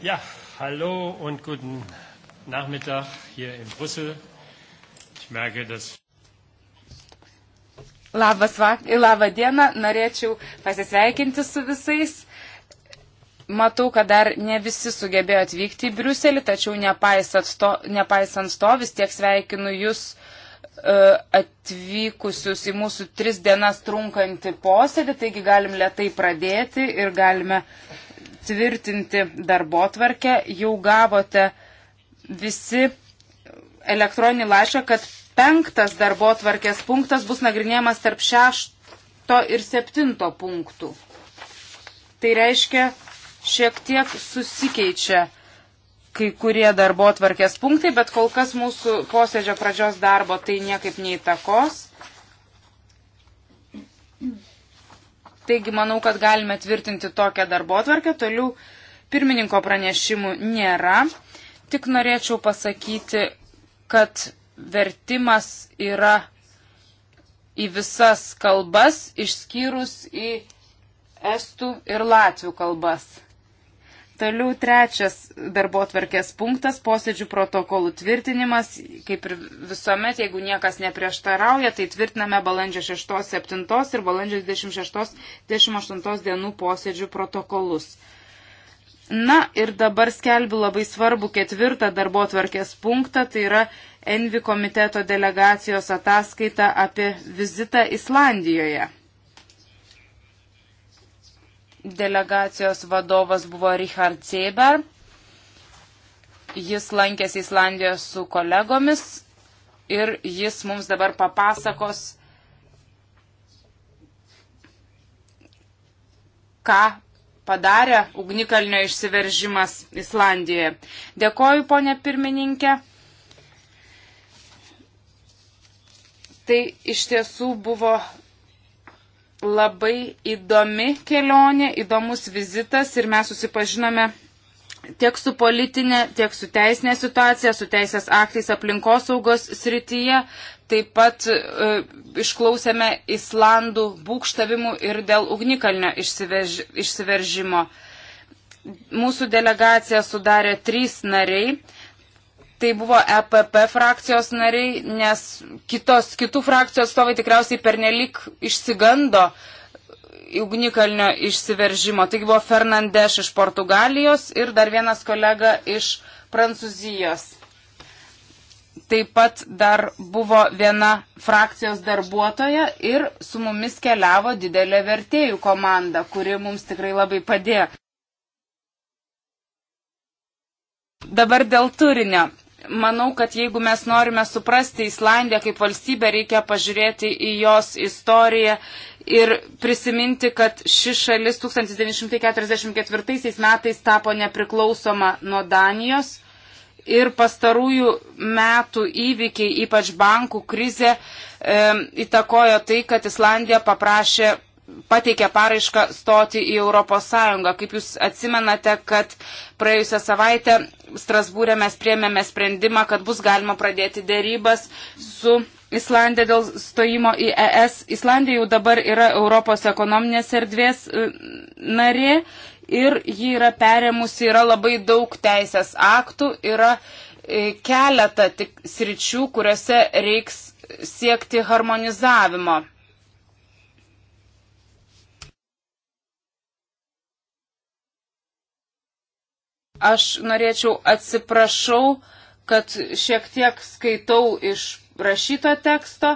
Ja, hallo und guten Nachmittag hier in Brüssel. Ich merke, dass. Labas vak... Labą dieną, norėčiau pasisveikinti su visais. Matau, kad dar ne visi sugebėjo atvykti į Briuselį, tačiau nepaisant to, nepaisant to vis tiek sveikinu jūs e, atvykusius į mūsų tris dienas trunkantį posėdį, taigi galim lietai pradėti ir galime uh, tvirtinti darbo tvarkę. Jau gavote visi elektroninį laišką, kad penktas darbo tvarkės punktas bus nagrinėjamas tarp šešto ir septinto punktų. Tai reiškia, šiek tiek susikeičia kai kurie darbo tvarkės punktai, bet kol kas mūsų posėdžio pradžios darbo tai niekaip neįtakos. Mm. Taigi manau, kad galime tvirtinti tokią darbo atvarkę. Toliau pirmininko pranešimų nėra. Tik norėčiau pasakyti, kad vertimas yra į visas kalbas, išskyrus į estų ir latvių kalbas. Toliau trečias darbo tvarkės punktas - posėdžių protokolų tvirtinimas. Kaip ir visuomet, jeigu niekas neprieštarauja, tai tvirtiname balandžio 6, 7 ir balandžio 26, 28 dienų posėdžių protokolus. Na ir dabar skelbiu labai svarbu ketvirtą darbo tvarkės punktą, tai yra Envi komiteto delegacijos ataskaita apie vizitą Islandijoje delegacijos vadovas buvo Richard Zeber. Jis lankėsi Islandijoje su kolegomis ir jis mums dabar papasakos, ką padarė ugnikalnio išsiveržimas Islandijoje. Dėkoju, ponė pirmininkė. Tai iš tiesų buvo labai įdomi kelionė, įdomus vizitas ir mes susipažinome tiek su politinė, tiek su teisinė situacija, su teisės aktais aplinkosaugos srityje. Taip pat e, išklausėme Islandų būkštavimų ir dėl ugnikalnio išsiverž, išsiveržimo. Mūsų delegaciją sudarė trys nariai tai buvo EPP frakcijos nariai, nes kitos, kitų frakcijų atstovai tikriausiai pernelik išsigando ugnikalnio išsiveržimo. Taigi buvo Fernandes iš Portugalijos ir dar vienas kolega iš Prancūzijos. Taip pat dar buvo viena frakcijos darbuotoja ir su mumis keliavo didelė vertėjų komanda, kuri mums tikrai labai padėjo. Dabar dėl turinio manau, kad jeigu mes norime suprasti Islandiją kaip valstybę, reikia pažiūrėti į jos istoriją ir prisiminti, kad ši šalis 1944 metais tapo nepriklausoma nuo Danijos. Ir pastarųjų metų įvykiai, ypač bankų krizė, e, įtakojo tai, kad Islandija paprašė pateikė paraišką stoti į Europos Sąjungą. Kaip jūs atsimenate, kad praėjusią savaitę Strasbūrė mes priemėme sprendimą, kad bus galima pradėti dėrybas su Islandija dėl stojimo į ES. Islandija jau dabar yra Europos ekonominės erdvės e, narė ir ji yra perėmusi, yra labai daug teisės aktų, yra e, keletą tik sričių, kuriuose reiks siekti harmonizavimo. Aš norėčiau atsiprašau, kad šiek tiek skaitau iš rašyto teksto.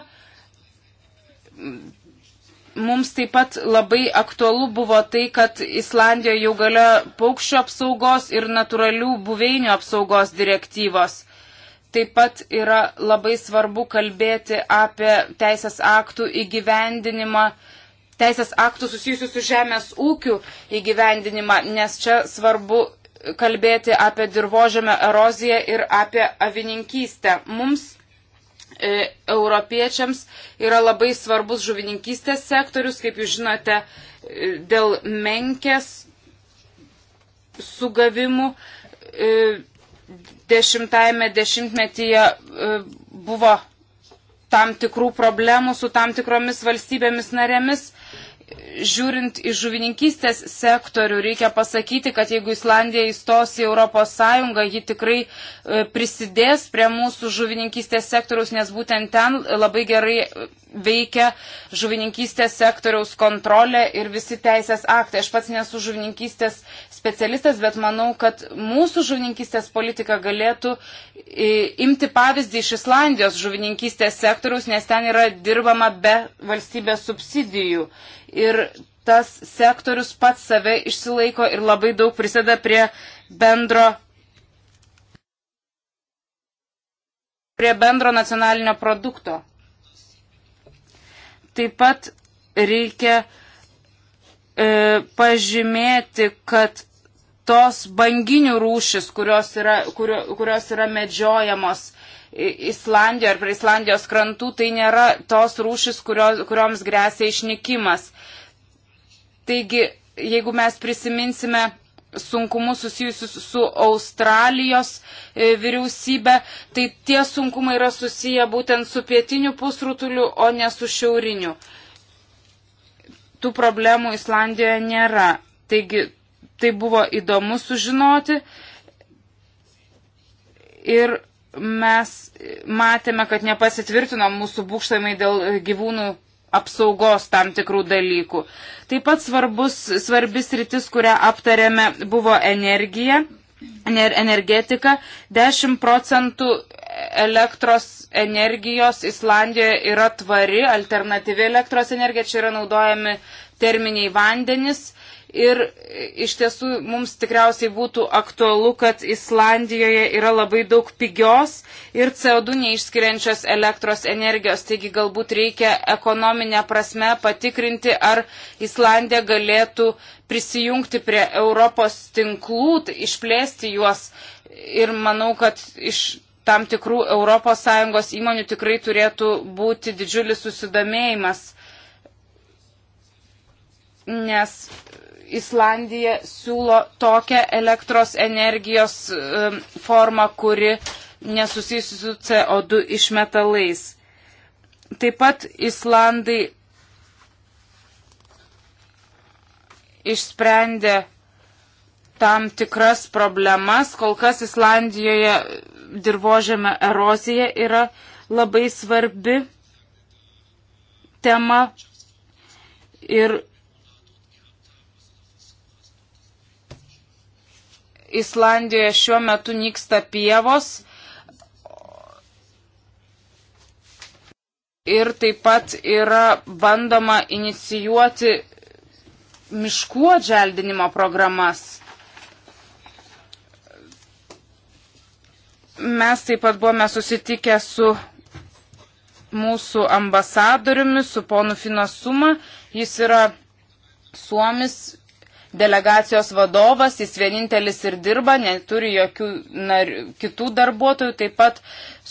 Mums taip pat labai aktualu buvo tai, kad Islandijoje jau galia paukščio apsaugos ir natūralių buveinių apsaugos direktyvos. Taip pat yra labai svarbu kalbėti apie teisės aktų įgyvendinimą, teisės aktų susijusių su žemės ūkiu įgyvendinimą, nes čia svarbu kalbėti apie dirbožėmę eroziją ir apie avininkystę. Mums e, europiečiams yra labai svarbus žuvininkystės sektorius, kaip jūs žinote, e, dėl menkės sugavimų. E, dešimtajame dešimtmetyje e, buvo tam tikrų problemų su tam tikromis valstybėmis narėmis žiūrint į žuvininkystės sektorių, reikia pasakyti, kad jeigu Islandija įstos į Europos Sąjungą, ji tikrai e, prisidės prie mūsų žuvininkystės sektoriaus, nes būtent ten labai gerai veikia žuvininkystės sektoriaus kontrolė ir visi teisės aktai. Aš pats nesu žuvininkystės specialistas, bet manau, kad mūsų žuvininkystės politika galėtų e, imti pavyzdį iš Islandijos žuvininkystės sektoriaus, nes ten yra dirbama be valstybės subsidijų ir tas sektorius pats save išsilaiko ir labai daug prisėda prie bendro prie bendro nacionalinio produkto. Taip pat reikia e, pažymėti, kad tos banginių rūšis, kurios yra, kurio, kurios yra medžiojamos Islandijoje ar prie Islandijos krantų, tai nėra tos rūšis, kurio, kurioms grėsia išnykimas. Taigi, jeigu mes prisiminsime sunkumus susijusius su Australijos e, vyriausybė, tai tie sunkumai yra susiję būtent su pietiniu pusrutuliu, o ne su šiauriniu. Tų problemų Islandijoje nėra. Taigi tai buvo įdomu sužinoti. Ir mes matėme, kad nepasitvirtino mūsų būkštamai dėl gyvūnų apsaugos tam tikrų dalykų. Taip pat svarbus, svarbis rytis, kurią aptarėme, buvo energija, energetika. 10 procentų elektros energijos Islandijoje yra tvari, alternatyvi elektros energija, čia yra naudojami terminiai vandenis Ir iš tiesų mums tikriausiai būtų aktualu, kad Islandijoje yra labai daug pigios ir CO2 neišskiriančios elektros energijos. Taigi galbūt reikia ekonominę prasme patikrinti, ar Islandija galėtų prisijungti prie Europos tinklų, išplėsti juos. Ir manau, kad iš tam tikrų ES įmonių tikrai turėtų būti didžiulis susidomėjimas. Nes Islandija siūlo tokią elektros energijos um, formą, kuri nesusijusi su CO2 išmetalais. Taip pat Islandai išsprendė tam tikras problemas. Kol kas Islandijoje dirbožėme erozija yra labai svarbi tema. Ir Islandijoje šiuo metu nyksta pievos. Ir taip pat yra bandoma inicijuoti miškų atželdinimo programas. Mes taip pat buvome susitikę su mūsų ambasadoriumi, su ponu Finosuma. Jis yra Suomis delegacijos vadovas, jis vienintelis ir dirba, neturi jokių nar, kitų darbuotojų. Taip pat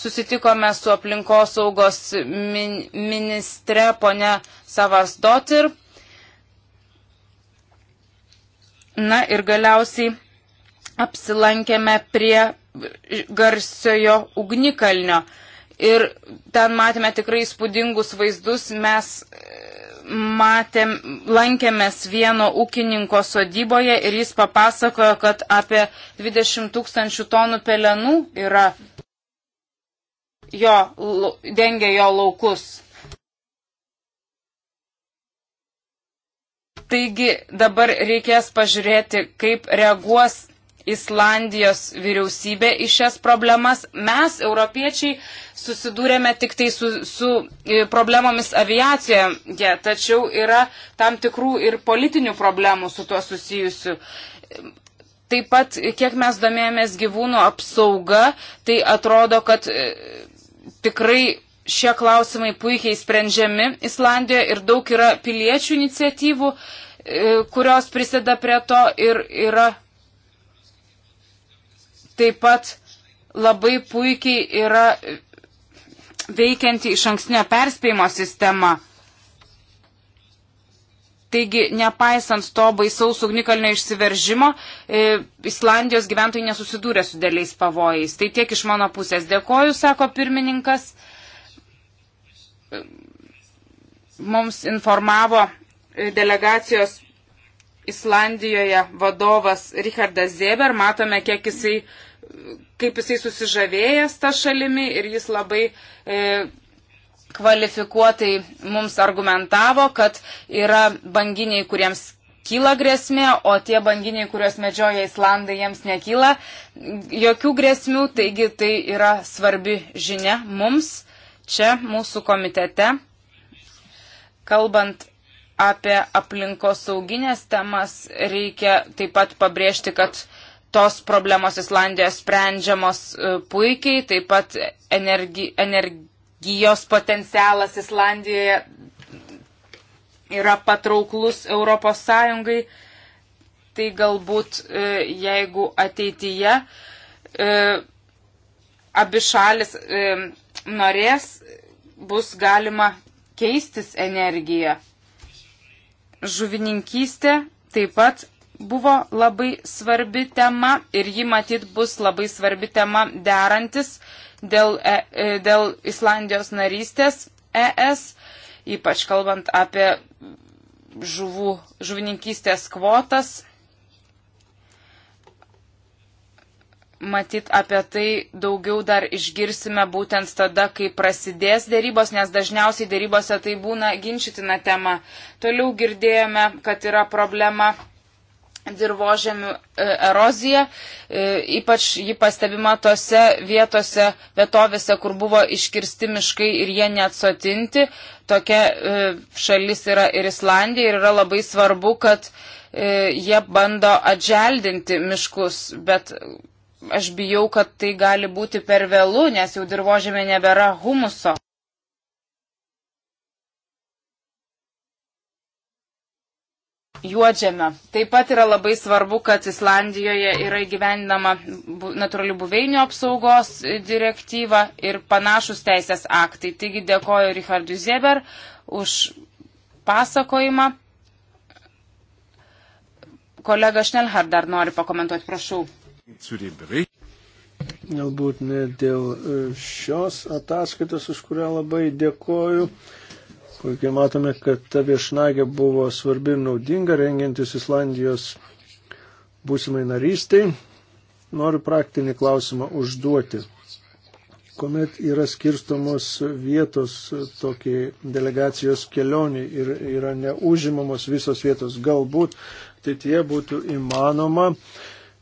susitikome su aplinkosaugos min, ministre ponia Savas Dotir. Na ir galiausiai apsilankėme prie garsiojo ugnikalnio. Ir ten matėme tikrai spūdingus vaizdus. Mes matėm, lankėmės vieno ūkininko sodyboje ir jis papasakojo, kad apie 20 tūkstančių tonų pelenų yra jo, dengia jo laukus. Taigi dabar reikės pažiūrėti, kaip reaguos Islandijos vyriausybė į šias problemas. Mes, europiečiai, susidūrėme tik tai su, su e, problemomis aviacijoje, tačiau yra tam tikrų ir politinių problemų su tuo susijusių. Taip pat, kiek mes domėjomės gyvūnų apsauga, tai atrodo, kad e, tikrai šie klausimai puikiai sprendžiami Islandijoje ir daug yra piliečių iniciatyvų, e, kurios prisideda prie to ir yra taip pat labai puikiai yra veikianti iš ankstinio perspėjimo sistema. Taigi, nepaisant to baisaus ugnikalnio išsiveržimo, e, Islandijos gyventojai nesusidūrė su dėliais pavojais. Tai tiek iš mano pusės. Dėkoju, sako pirmininkas. E, mums informavo delegacijos Islandijoje vadovas Richardas Zeber, matome, kiek jisai, kaip jisai susižavėjęs tą šalimi ir jis labai e, kvalifikuotai mums argumentavo, kad yra banginiai, kuriems kyla grėsmė, o tie banginiai, kuriuos medžioja Islandai, jiems nekyla jokių grėsmių, taigi tai yra svarbi žinia mums čia mūsų komitete. Kalbant apie aplinkos sauginės temas, reikia taip pat pabrėžti, kad tos problemos Islandijoje sprendžiamos e, puikiai, taip pat energi, energijos potencialas Islandijoje yra patrauklus Europos Sąjungai. Tai galbūt e, jeigu ateityje e, abi šalis norės, bus galima keistis energiją žuvininkystė taip pat buvo labai svarbi tema ir ji matyt bus labai svarbi tema derantis dėl, e, e, dėl Islandijos narystės ES, ypač kalbant apie žuvų, žuvininkystės kvotas matyt, apie tai daugiau dar išgirsime būtent tada, kai prasidės dėrybos, nes dažniausiai dėrybose tai būna ginčitina tema. Toliau girdėjome, kad yra problema dirbožėmių e, erozija, e, ypač ji pastebima tose vietose, vietovėse, kur buvo iškirsti miškai ir jie neatsotinti. Tokia e, šalis yra ir Islandija ir yra labai svarbu, kad jie bando atželdinti miškus, bet aš bijau, kad tai gali būti per vėlų, nes jau dirbožėme nebėra humuso. Juodžiame. Taip pat yra labai svarbu, kad Islandijoje yra įgyvendinama natūralių buveinių apsaugos direktyva ir panašus teisės aktai. Taigi dėkoju Richardui Zeber už pasakojimą. Kolega Šnelhard dar nori pakomentuoti, prašau. Galbūt ne dėl e, šios ataskaitos, už kurią labai dėkoju. Puikiai matome, kad ta viešnagė buvo svarbi ir naudinga rengiantis Islandijos būsimai narystiai. Noriu praktinį klausimą užduoti. Komet yra skirstomos vietos tokiai delegacijos kelioniai ir yra neužimamos visos vietos, galbūt ateitie būtų įmanoma uh,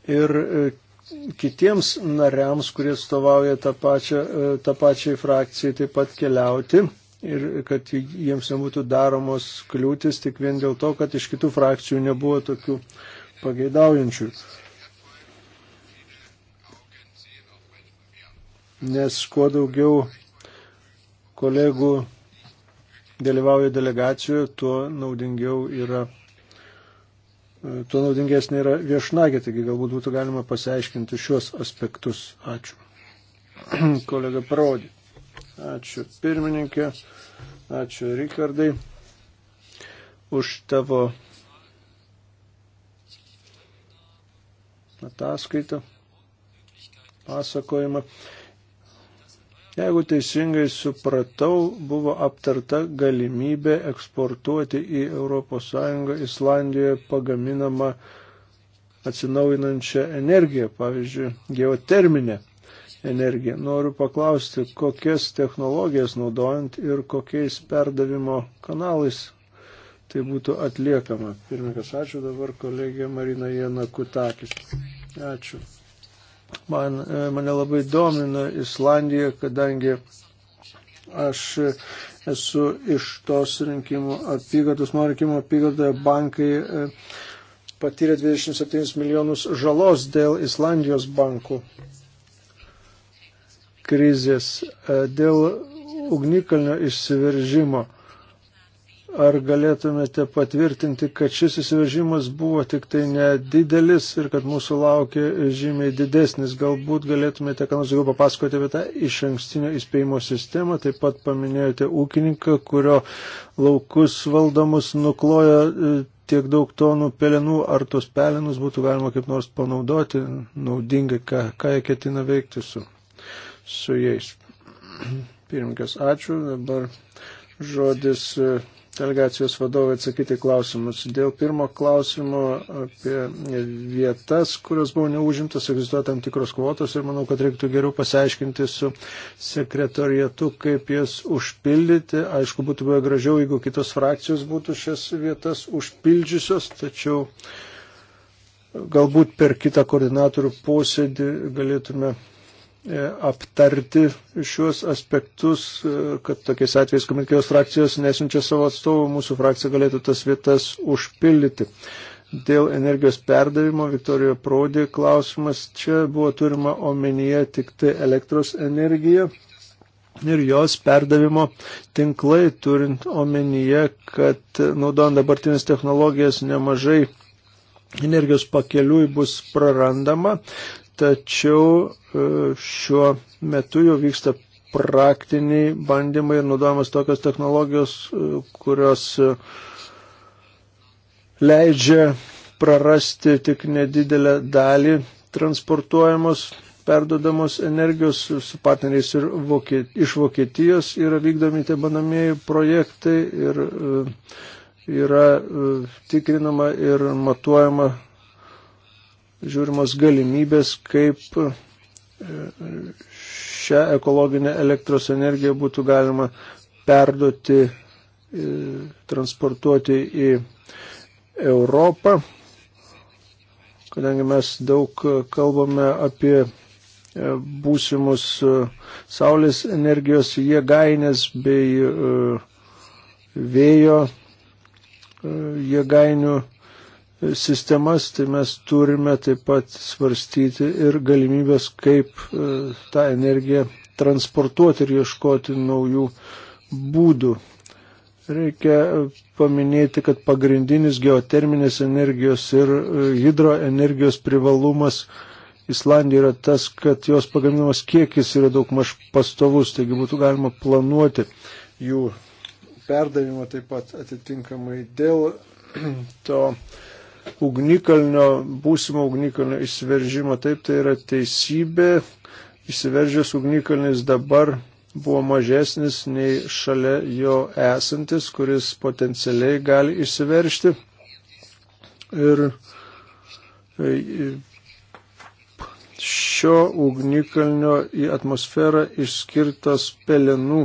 ir e, kitiems nariams, kurie atstovauja tą pačią, e, tą pačią frakciją, taip pat keliauti ir kad jiems nebūtų daromos kliūtis tik vien dėl to, kad iš kitų frakcijų nebuvo tokių pageidaujančių. Nes kuo daugiau kolegų dalyvauja delegacijoje, tuo naudingiau yra tuo naudingesnė yra viešnagė, taigi galbūt būtų galima pasiaiškinti šiuos aspektus. Ačiū. Kolega Parodį. Ačiū pirmininkė, ačiū Rikardai už tavo ataskaitą, pasakojimą. Jeigu teisingai supratau, buvo aptarta galimybė eksportuoti į ES Islandijoje pagaminamą atsinaujinančią energiją, pavyzdžiui, geoterminę energiją. Noriu paklausti, kokias technologijas naudojant ir kokiais perdavimo kanalais tai būtų atliekama. Pirmininkas, ačiū dabar kolegė Marina Jena Kutakis. Ačiū. Man, e, mane labai domina Islandija, kadangi aš esu iš tos rinkimų apygardos, mano rinkimų apygardoje bankai e, patyrė 27 milijonus žalos dėl Islandijos bankų krizės, e, dėl ugnikalnio išsiveržimo. Ar galėtumėte patvirtinti, kad šis įsiveržimas buvo tik tai nedidelis ir kad mūsų laukia žymiai didesnis? Galbūt galėtumėte, ką nors daugiau papasakoti apie tą iš ankstinio įspėjimo sistemą. Taip pat paminėjote ūkininką, kurio laukus valdomus nukloja e, tiek daug tonų pelenų. Ar tos pelenus būtų galima kaip nors panaudoti naudingai, ką, ką jie ketina veikti su, su jais? Pirmininkas, ačiū. Dabar žodis. Uh, delegacijos vadovai atsakyti klausimus. Dėl pirmo klausimo apie vietas, kurios buvo neužimtas, egzistuoja tam tikros kvotos ir manau, kad reiktų geriau pasiaiškinti su sekretorietu, kaip jas užpildyti. Aišku, būtų buvę gražiau, jeigu kitos frakcijos būtų šias vietas užpildžiusios, tačiau galbūt per kitą koordinatorių posėdį galėtume E, aptarti šiuos aspektus, e, kad tokiais atvejais komitijos frakcijos nesinčia savo atstovų, mūsų frakcija galėtų tas vietas užpildyti. Dėl energijos perdavimo Viktorijo Prodė klausimas čia buvo turima omenyje tik tai elektros energija ir jos perdavimo tinklai, turint omenyje, kad naudojant dabartinės technologijas nemažai energijos pakeliui bus prarandama, tačiau e, šiuo metu jau vyksta praktiniai bandymai ir naudojamas tokios technologijos, e, kurios e, leidžia prarasti tik nedidelę dalį transportuojamos, perdodamos energijos su partneriais ir Vokiet, iš Vokietijos yra vykdomi tie bandomieji projektai ir yra tikrinama ir matuojama žiūrimos galimybės, kaip e, šią ekologinę elektros energiją būtų galima perduoti, e, transportuoti į Europą, kadangi mes daug kalbame apie e, būsimus saulės energijos jėgainės bei vėjo jėgainių sistemas, tai mes turime taip pat svarstyti ir galimybės, kaip e, tą energiją transportuoti ir ieškoti naujų būdų. Reikia paminėti, kad pagrindinis geoterminės energijos ir e, hidroenergijos privalumas Islandija yra tas, kad jos pagaminamas kiekis yra daug maž pastovus, taigi būtų galima planuoti jų perdavimą taip pat atitinkamai dėl to ugnikalnio, būsimo ugnikalnio įsiveržimo. Taip, tai yra teisybė. Įsiveržęs ugnikalnis dabar buvo mažesnis nei šalia jo esantis, kuris potencialiai gali įsiveršti. Ir e, šio ugnikalnio į atmosferą išskirtas pelenų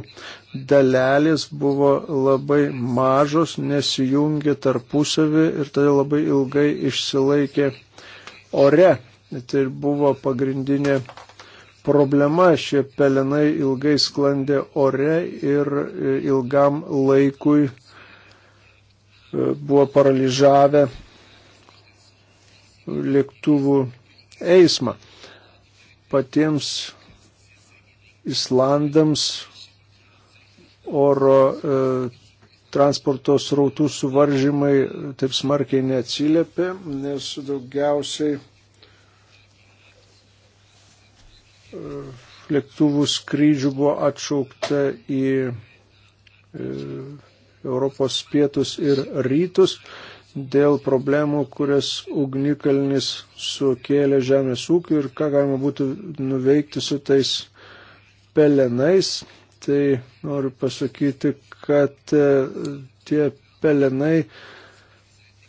dalelės buvo labai mažos, nesijungė tarpusavį ir todėl labai ilgai išsilaikė ore. Tai buvo pagrindinė problema, šie pelenai ilgai sklandė ore ir e, ilgam laikui e, buvo paralyžavę lėktuvų eismą. Patiems Islandams oro e, transporto srautų suvaržymai taip smarkiai neatsiliepė, nes daugiausiai e, lėktuvų skrydžių buvo atšaukta į e, Europos pietus ir rytus dėl problemų, kurias ugnikalnis sukėlė žemės ūkiu ir ką galima būtų nuveikti su tais pelenais tai noriu pasakyti, kad e, tie pelenai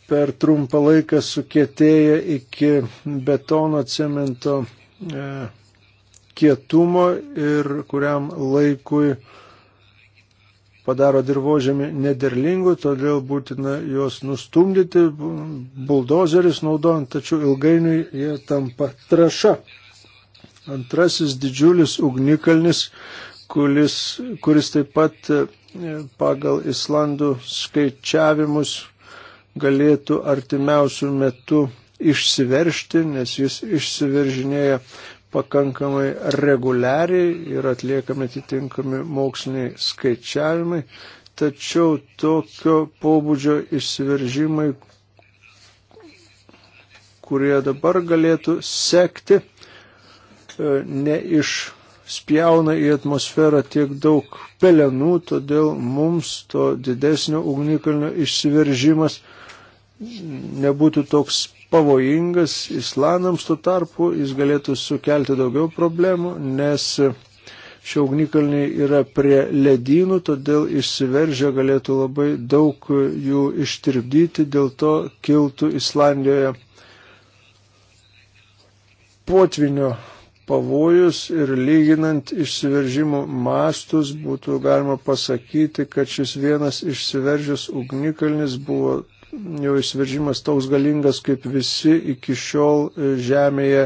per trumpą laiką sukietėja iki betono cemento e, kietumo ir kuriam laikui padaro dirbožėmį nederlingų, todėl būtina juos nustumdyti, buldozeris naudojant, tačiau ilgainiui jie tampa traša. Antrasis didžiulis ugnikalnis, kuris, kuris taip pat e, pagal Islandų skaičiavimus galėtų artimiausių metų išsiveršti, nes jis išsiveržinėja pakankamai reguliariai ir atliekami atitinkami moksliniai skaičiavimai, tačiau tokio pobūdžio išsiveržimai, kurie dabar galėtų sekti, e, ne iš spjauna į atmosferą tiek daug pelenų, todėl mums to didesnio ugnikalnio išsiveržimas nebūtų toks pavojingas. Islandams tuo tarpu jis galėtų sukelti daugiau problemų, nes šie ugnikalniai yra prie ledynų, todėl išsiveržę galėtų labai daug jų ištirpdyti, dėl to kiltų Islandijoje potvinio pavojus ir lyginant išsiveržimų mastus būtų galima pasakyti, kad šis vienas išsiveržęs ugnikalnis buvo jo išsiveržimas toks galingas, kaip visi iki šiol e, Žemėje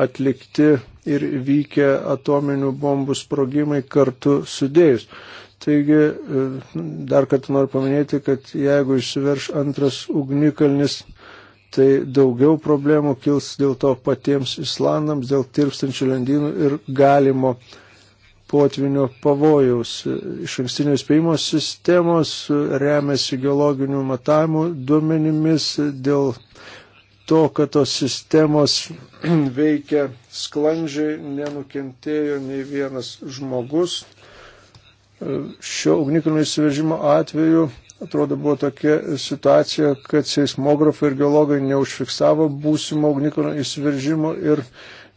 atlikti ir vykę atominių bombų sprogimai kartu sudėjus. Taigi, e, dar kartą noriu paminėti, kad jeigu išsiverš antras ugnikalnis, tai daugiau problemų kils dėl to patiems Islandams, dėl tirpstančių lendynų ir galimo potvinio pavojaus. Iš ankstinio įspėjimo sistemos remiasi geologinių matavimų duomenimis dėl to, kad tos sistemos veikia sklandžiai, nenukentėjo nei vienas žmogus. Šio ugnikalnio įsivežimo atveju atrodo buvo tokia situacija, kad seismografai ir geologai neužfiksavo būsimo ugnikalnio įsiveržimo ir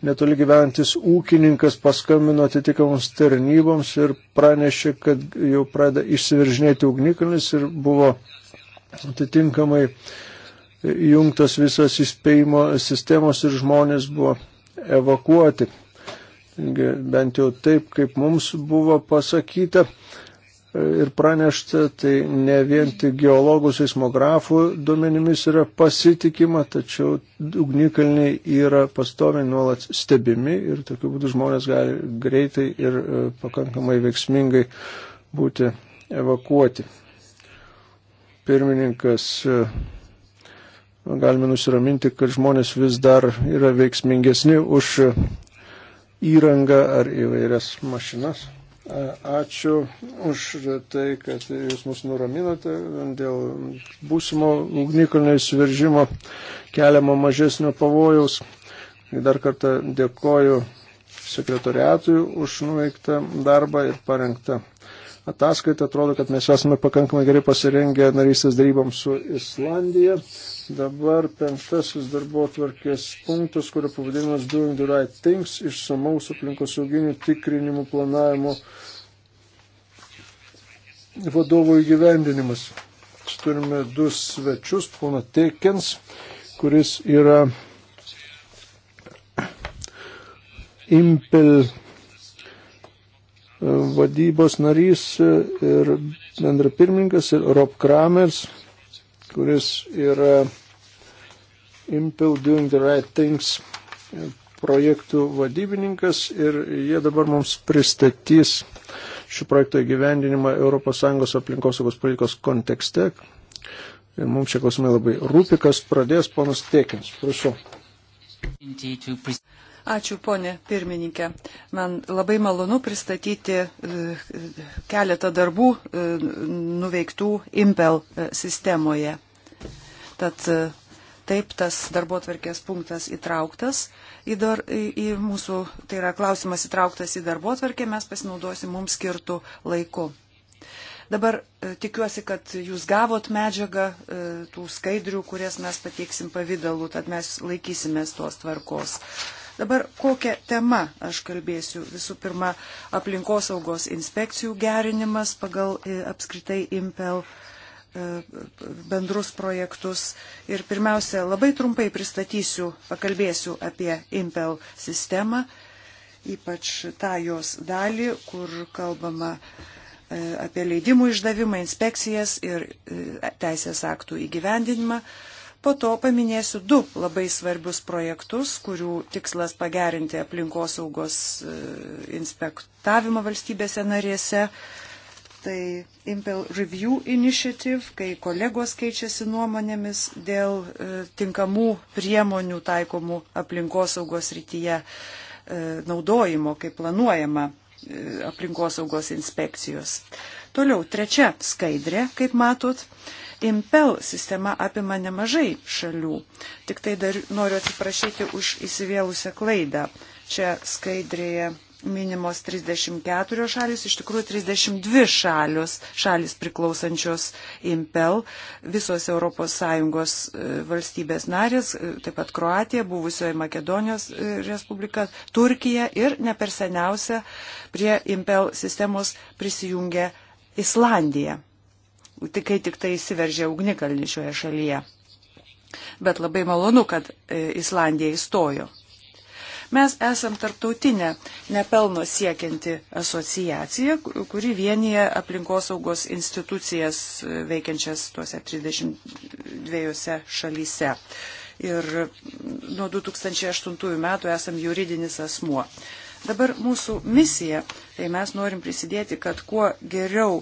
netoli gyventis ūkininkas paskambino atitikamoms tarnyboms ir pranešė, kad jau pradeda išsiveržinėti ugnikalnis ir buvo atitinkamai įjungtos visas įspėjimo sistemos ir žmonės buvo evakuoti. Bent jau taip, kaip mums buvo pasakyta, ir pranešta, tai ne vien tik geologų seismografų duomenimis yra pasitikima, tačiau ugnikalniai yra pastoviai nuolat stebimi ir tokiu būdu žmonės gali greitai ir e, pakankamai veiksmingai būti evakuoti. Pirmininkas, e, galime nusiraminti, kad žmonės vis dar yra veiksmingesni už e, įrangą ar įvairias mašinas. Ačiū už tai, kad jūs mus nuraminote dėl būsimo ugnikalnio įsiveržimo keliamo mažesnio pavojaus. Dar kartą dėkoju sekretoriatui už nuveiktą darbą ir parengtą ataskaitą. Atrodo, kad mes esame pakankamai gerai pasirengę narystės daryboms su Islandija. Dabar penktasis darbo tvarkės punktas, kurio pavadinimas Doing the Right Things iš samaus aplinkosauginių tikrinimų planavimo vadovo įgyvendinimas. Čia turime du svečius, pono Tekens, kuris yra Impel e, vadybos narys e, ir bendrapirmininkas ir Rob Kramers kuris yra Impel Doing the Right Things projektų vadybininkas ir jie dabar mums pristatys šių projektų įgyvendinimą ES aplinkosaugos politikos kontekste. Ir mums čia klausimai labai rūpi, kas pradės ponas Tiekins. Prašau. Ačiū, ponė pirmininkė. Man labai malonu pristatyti e, keletą darbų e, nuveiktų Impel e, sistemoje. Tad taip tas darbo atvarkės punktas įtrauktas į, dar, į mūsų, tai yra klausimas įtrauktas į darbo atvarkę, mes pasinaudosim mums skirtų laiku. Dabar tikiuosi, kad jūs gavot medžiagą tų skaidrių, kurias mes pateiksim pavydalu, tad mes laikysimės tos tvarkos. Dabar kokią temą aš kalbėsiu? Visų pirma, aplinkosaugos inspekcijų gerinimas pagal e, apskritai Impel e, bendrus projektus. Ir pirmiausia, labai trumpai pristatysiu, pakalbėsiu apie Impel sistemą, ypač tą jos dalį, kur kalbama e, apie leidimų išdavimą, inspekcijas ir teisės aktų įgyvendinimą. Po to paminėsiu du labai svarbius projektus, kurių tikslas pagerinti aplinkosaugos e, inspektavimą valstybėse narėse. Tai Impel Review Initiative, kai kolegos keičiasi nuomonėmis dėl e, tinkamų priemonių taikomų aplinkosaugos rytyje e, naudojimo, kaip planuojama aplinkosaugos inspekcijos. Toliau, trečia skaidrė, kaip matot, Impel sistema apima nemažai šalių. Tik tai dar noriu atsiprašyti už įsivėlusią klaidą. Čia skaidrėje minimos 34 šalis, iš tikrųjų 32 šalios, šalis priklausančios Impel, visos ES e, valstybės narės, e, taip pat Kroatija, buvusioji Makedonijos e, Respublika, Turkija ir ne per seniausia prie Impel sistemos prisijungė Islandija kai tik tai įsiveržė ugnikalnį šioje šalyje. Bet labai malonu, kad e, Islandija įstojo. Mes esam tarptautinė nepelno siekianti asociacija, kuri vienyje aplinkosaugos institucijas e, veikiančias tuose 32 šalyse. Ir mm, nuo 2008 metų esam juridinis asmuo. Dabar mūsų misija Tai mes norim prisidėti, kad kuo geriau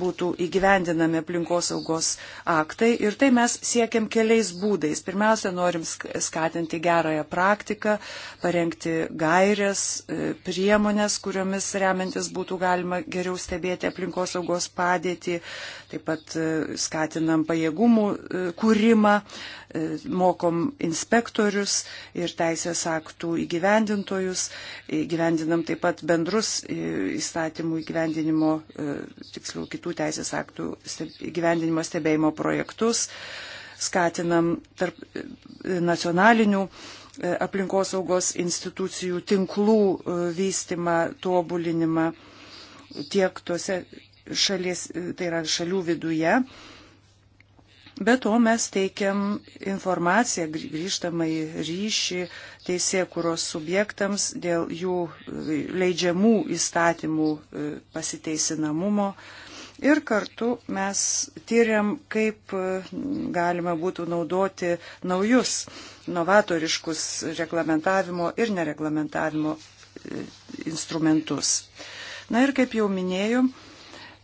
būtų įgyvendinami aplinkosaugos aktai. Ir tai mes siekiam keliais būdais. Pirmiausia, norim skatinti gerąją praktiką, parengti gairias, e, priemonės, kuriomis remiantis būtų galima geriau stebėti aplinkosaugos padėtį. Taip pat e, skatinam pajėgumų e, kūrimą, mokom inspektorius ir teisės aktų įgyvendintojus, įgyvendinam taip pat bendrus įstatymų įgyvendinimo, e, tiksliau kitų teisės aktų įgyvendinimo stebėjimo projektus, skatinam tarp e, nacionalinių e, aplinkosaugos institucijų tinklų vystimą, tobulinimą tiek tose šalies, tai yra šalių viduje, Be to mes teikiam informaciją, grįžtamą į ryšį teisėkuros subjektams dėl jų e, leidžiamų įstatymų e, pasiteisinamumo. Ir kartu mes tyriam, kaip e, galima būtų naudoti naujus, novatoriškus reglamentavimo ir nereglamentavimo instrumentus. Na ir kaip jau minėjau,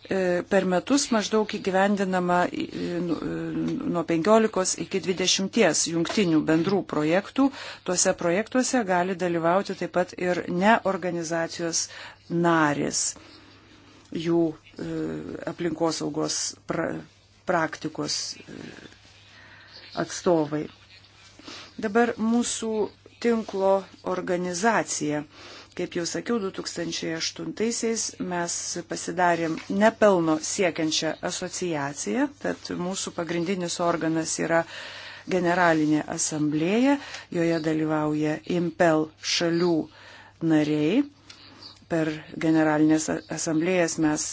E, per metus maždaug įgyvendinama e, nu, e, nuo 15 iki 20 jungtinių bendrų projektų. Tuose projektuose gali dalyvauti taip pat ir ne organizacijos narės jų aplinkosaugos pra, praktikos atstovai. Dabar mūsų tinklo organizacija. Kaip jau sakiau, 2008-aisiais mes pasidarėm nepelno siekiančią asociaciją, tad mūsų pagrindinis organas yra generalinė asamblėja, joje dalyvauja impel šalių nariai. Per generalinės asamblėjas mes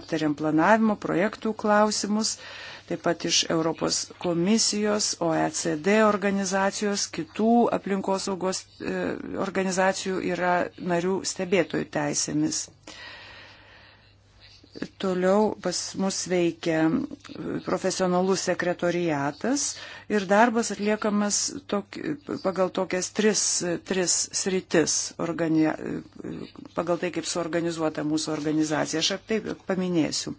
aptariam planavimo projektų klausimus, uh, taip pat iš Europos komisijos, OECD organizacijos, kitų aplinkosaugos e, organizacijų yra narių stebėtojų teisėmis. Toliau pas mus veikia profesionalus sekretoriatas ir darbas atliekamas tok, pagal tokias tris, tris sritis, organi, pagal tai, kaip suorganizuota mūsų organizacija. Aš taip paminėsiu.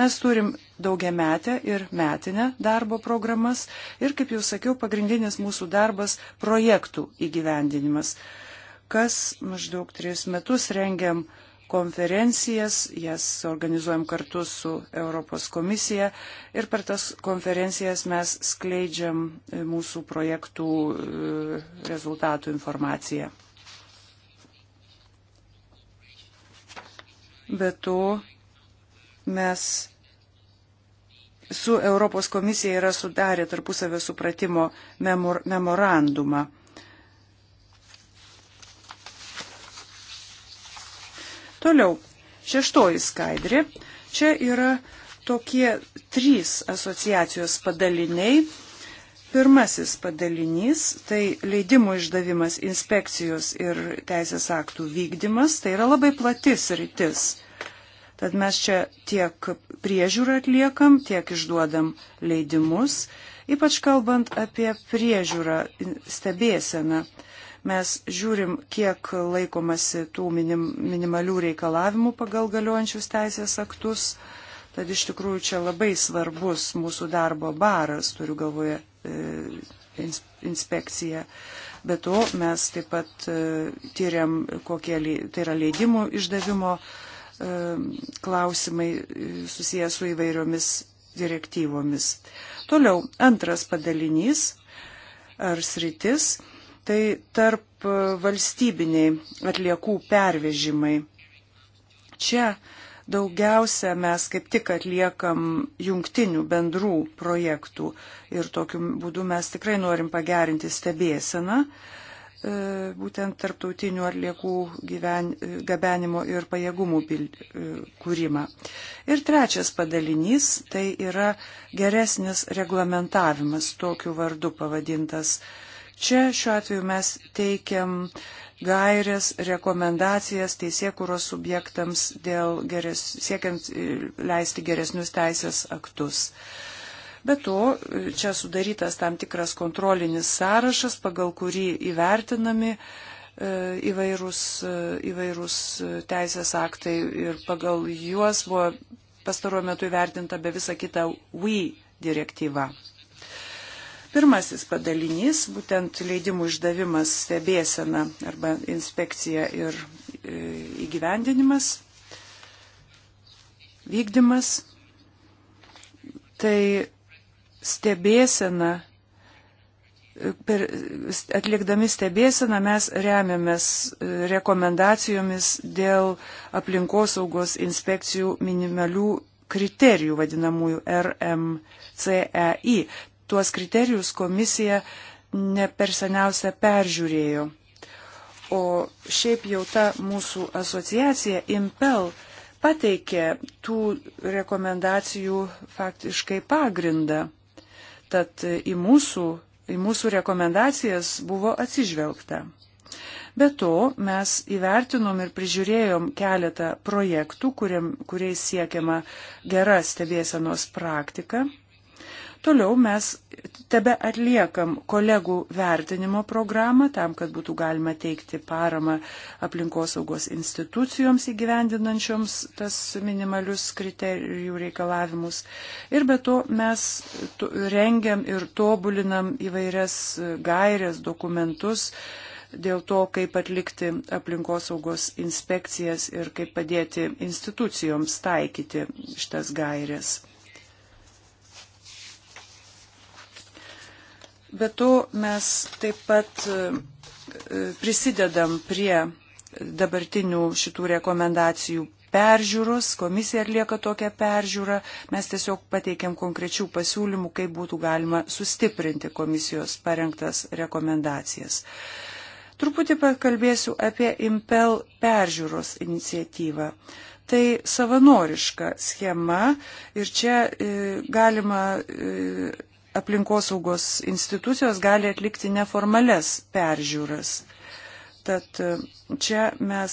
Mes turim daugiametę ir metinę darbo programas ir, kaip jau sakiau, pagrindinis mūsų darbas - projektų įgyvendinimas. Kas maždaug tris metus rengiam konferencijas, jas organizuojam kartu su Europos komisija ir per tas konferencijas mes skleidžiam e, mūsų projektų e, rezultatų informaciją. Be to, mes su Europos komisija yra sudarę tarpusavio supratimo memor memorandumą Toliau, šeštoji skaidrė. Čia yra tokie trys asociacijos padaliniai. Pirmasis padalinys - tai leidimų išdavimas inspekcijos ir teisės aktų vykdymas. Tai yra labai platis rytis. Tad mes čia tiek priežiūrą atliekam, tiek išduodam leidimus, ypač kalbant apie priežiūrą, stebėseną mes žiūrim, kiek laikomasi tų minim, minimalių reikalavimų pagal galiojančius teisės aktus. Tad iš tikrųjų čia labai svarbus mūsų darbo baras, turiu galvoje, e, inspekcija. Be to mes taip pat e, tyriam, kokie tai yra leidimų išdavimo e, klausimai susijęs su įvairiomis direktyvomis. Toliau, antras padalinys ar sritis Tai tarp valstybiniai atliekų pervežimai. Čia daugiausia mes kaip tik atliekam jungtinių bendrų projektų ir tokiu būdu mes tikrai norim pagerinti stebėseną e, būtent tarptautinių atliekų gyven, gabenimo ir pajėgumų bild, e, kūrimą. Ir trečias padalinys tai yra geresnis reglamentavimas, tokiu vardu pavadintas uh, Čia šiuo atveju mes teikiam gairias, rekomendacijas teisėkuros subjektams dėl geres, siekiant e, leisti geresnius teisės aktus. Be to, e, čia sudarytas tam tikras kontrolinis sąrašas, pagal kurį įvertinami e, įvairūs, įvairūs teisės aktai ir pagal juos buvo pastaruoju metu įvertinta be visą kitą WE direktyva. Pirmasis padalinys, būtent leidimų išdavimas, stebėsena arba inspekcija ir e, įgyvendinimas, vykdymas, tai stebėsena, e, per, atlikdami stebėseną mes remiamės e, rekomendacijomis dėl aplinkosaugos inspekcijų minimalių kriterijų vadinamųjų RMCEI tuos kriterijus komisija ne per seniausia peržiūrėjo. O šiaip jau ta mūsų asociacija Impel pateikė tų rekomendacijų faktiškai pagrindą. Tad į mūsų, į mūsų rekomendacijas buvo atsižvelgta. Be to, mes įvertinom ir prižiūrėjom keletą projektų, kuriam, kuriais siekiama gera stebėsenos praktika. Toliau mes tebe atliekam kolegų vertinimo programą tam, kad būtų galima teikti paramą aplinkosaugos institucijoms įgyvendinančioms tas minimalius kriterijų reikalavimus. Ir be to mes rengiam ir tobulinam įvairias gairias, dokumentus dėl to, kaip atlikti aplinkosaugos inspekcijas ir kaip padėti institucijoms taikyti šitas gairias. Bet to mes taip pat e, prisidedam prie dabartinių šitų rekomendacijų peržiūros, komisija atlieka tokią peržiūrą, mes tiesiog pateikėm konkrečių pasiūlymų, kaip būtų galima sustiprinti komisijos parengtas rekomendacijas. Truputį pakalbėsiu apie Impel peržiūros iniciatyvą. Tai savanoriška schema ir čia e, galima e, aplinkosaugos institucijos gali atlikti neformales peržiūras. Tad e, čia mes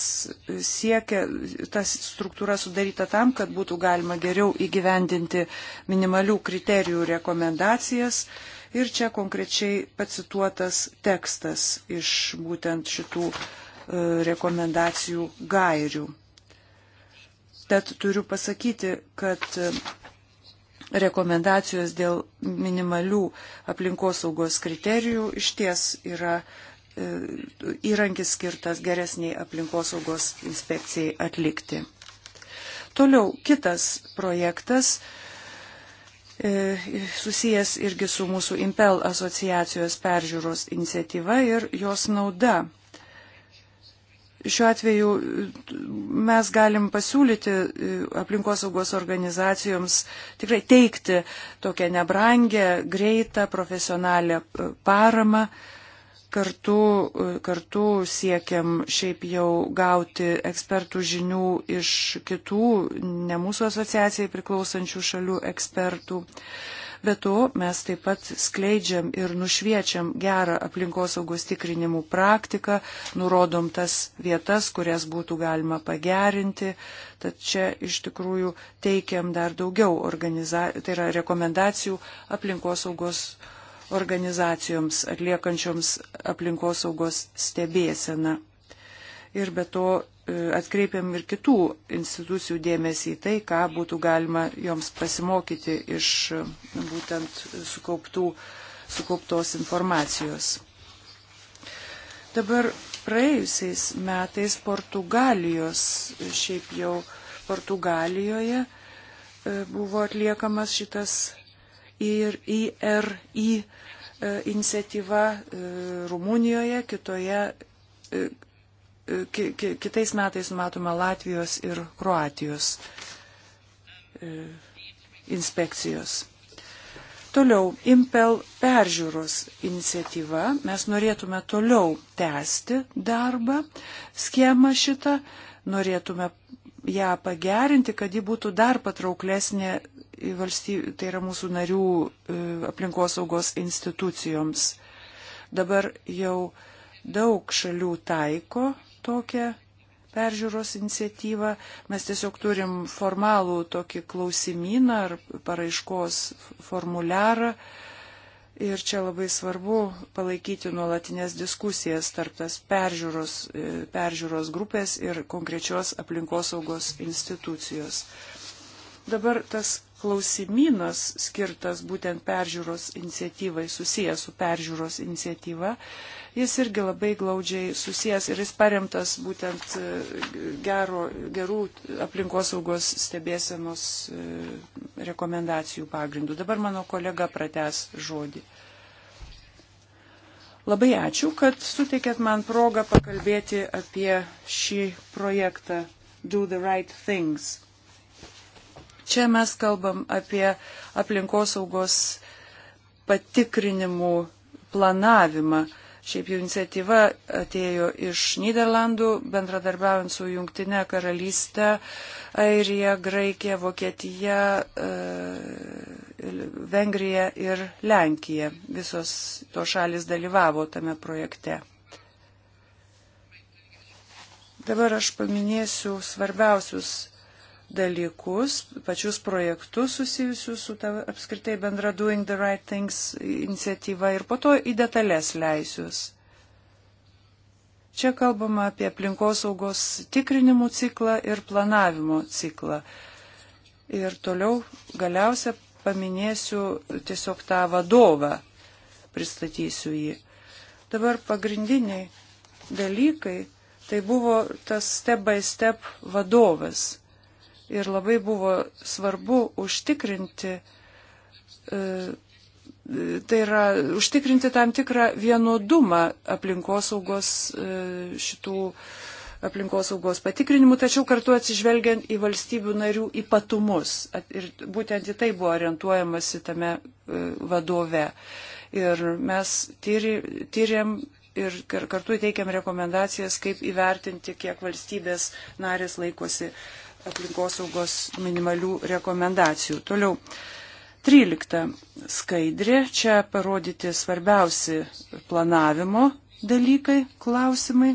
siekia, ta struktūra sudaryta tam, kad būtų galima geriau įgyvendinti minimalių kriterijų rekomendacijas. Ir čia konkrečiai pacituotas tekstas iš būtent šitų e, rekomendacijų gairių. Tad turiu pasakyti, kad e, rekomendacijos dėl minimalių aplinkosaugos kriterijų išties yra e, įrankis skirtas geresniai aplinkosaugos inspekcijai atlikti. Toliau kitas projektas e, susijęs irgi su mūsų Impel asociacijos peržiūros iniciatyva ir jos nauda šiuo atveju mes galim pasiūlyti e, aplinkosaugos organizacijoms tikrai teikti tokią nebrangę, greitą, profesionalią e, paramą. Kartu, e, kartu siekiam šiaip jau gauti ekspertų žinių iš kitų, ne mūsų asociacijai priklausančių šalių ekspertų. Uh, Be to, mes taip pat skleidžiam ir nušviečiam gerą aplinkosaugos tikrinimų praktiką, nurodom tas vietas, kurias būtų galima pagerinti. Tad čia iš tikrųjų teikiam dar daugiau organiza... tai yra rekomendacijų aplinkosaugos organizacijoms atliekančioms aplinkosaugos stebėseną ir be to e, atkreipiam ir kitų institucijų dėmesį į tai, ką būtų galima joms pasimokyti iš e, būtent sukauptų, sukauptos informacijos. Dabar praėjusiais metais Portugalijos, e, šiaip jau Portugalijoje buvo atliekamas šitas ir IRI iniciatyva Rumunijoje, kitoje kitais metais numatoma Latvijos ir Kroatijos e, inspekcijos. Toliau, Impel peržiūros iniciatyva. Mes norėtume toliau tęsti darbą, schemą šitą, norėtume ją pagerinti, kad ji būtų dar patrauklesnė valstybė, tai yra mūsų narių e, aplinkosaugos institucijoms. Dabar jau daug šalių taiko tokią peržiūros iniciatyvą. Mes tiesiog turim formalų tokį klausimyną ar paraiškos formuliarą. Ir čia labai svarbu palaikyti nuolatinės diskusijas tarp tas peržiūros, e, peržiūros grupės ir konkrečios aplinkosaugos institucijos. Dabar tas klausimynas skirtas būtent peržiūros iniciatyvai, susijęs su peržiūros iniciatyva, jis irgi labai glaudžiai susijęs ir jis paremtas būtent e, gero, gerų aplinkosaugos stebėsenos e, rekomendacijų pagrindų. Dabar mano kolega prates žodį. Labai ačiū, kad suteikėt man progą pakalbėti apie šį projektą Do the Right Things. Čia mes kalbam apie aplinkosaugos patikrinimų planavimą. Šiaip jau iniciatyva atėjo iš Niderlandų, bendradarbiaujant su Junktinė karalystė, Airija, Graikija, Vokietija, e, Vengrija ir Lenkija. Visos to šalis dalyvavo tame projekte. Dabar aš paminėsiu svarbiausius dalykus, pačius projektus susijusius su ta apskritai bendra Doing the Right Things iniciatyva ir po to į detalės leisius. Čia kalbama apie aplinkosaugos tikrinimų ciklą ir planavimo ciklą. Ir toliau galiausia paminėsiu tiesiog tą vadovą, pristatysiu jį. Dabar pagrindiniai dalykai tai buvo tas step by step vadovas ir labai buvo svarbu užtikrinti, e, tai yra užtikrinti tam tikrą vienodumą aplinkosaugos e, šitų aplinkosaugos patikrinimų, tačiau kartu atsižvelgiant į valstybių narių ypatumus. Ir būtent į tai buvo orientuojamasi tame e, vadove. Ir mes tyri, tyriam ir kartu teikiam rekomendacijas, kaip įvertinti, kiek valstybės narės laikosi uh, aplinkosaugos minimalių rekomendacijų. Toliau. 13 skaidrė. Čia parodyti svarbiausi planavimo dalykai, klausimai.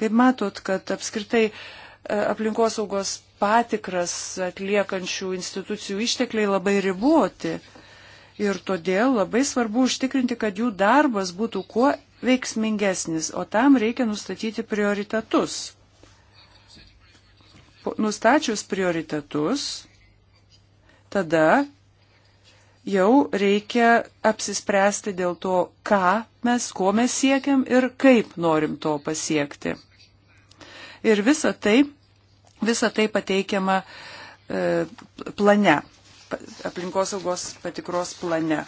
Kaip matot, kad apskritai e, aplinkosaugos patikras atliekančių institucijų ištekliai labai riboti. Ir todėl labai svarbu užtikrinti, kad jų darbas būtų kuo veiksmingesnis, o tam reikia nustatyti prioritetus nustačius prioritetus, tada jau reikia apsispręsti dėl to, ką mes, ko mes siekiam ir kaip norim to pasiekti. Ir visa tai, visa tai pateikiama e, plane, aplinkosaugos patikros plane.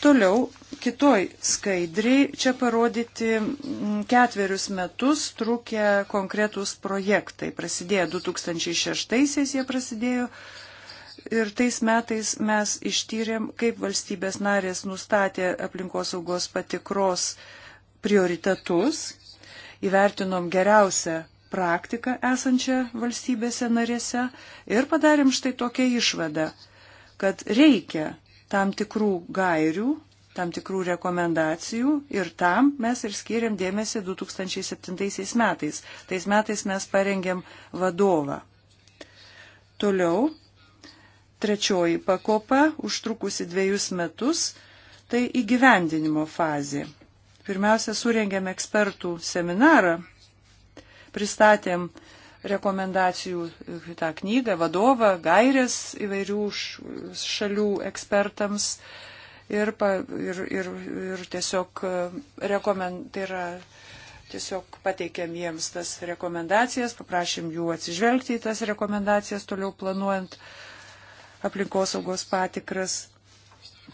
Toliau kitoj skaidriai čia parodyti mm, ketverius metus trūkė konkretūs projektai. Prasidėjo 2006-aisiais jie prasidėjo ir tais metais mes ištyrėm, kaip valstybės narės nustatė aplinkosaugos patikros prioritetus, įvertinom geriausią praktiką esančią valstybėse narėse ir padarėm štai tokią išvadą, kad reikia tam tikrų gairių, tam tikrų rekomendacijų ir tam mes ir skiriam dėmesį 2007 metais. Tais metais mes parengėm vadovą. Toliau, trečioji pakopa, užtrukusi dviejus metus, tai įgyvendinimo fazė. Pirmiausia, surengėm ekspertų seminarą, pristatėm rekomendacijų tą knygą, vadovą, gairės įvairių šalių ekspertams ir, ir, ir, ir tiesiog e, rekomend, tai yra, tiesiog pateikėm jiems tas rekomendacijas, paprašėm jų atsižvelgti į tas rekomendacijas toliau planuojant aplinkosaugos patikras,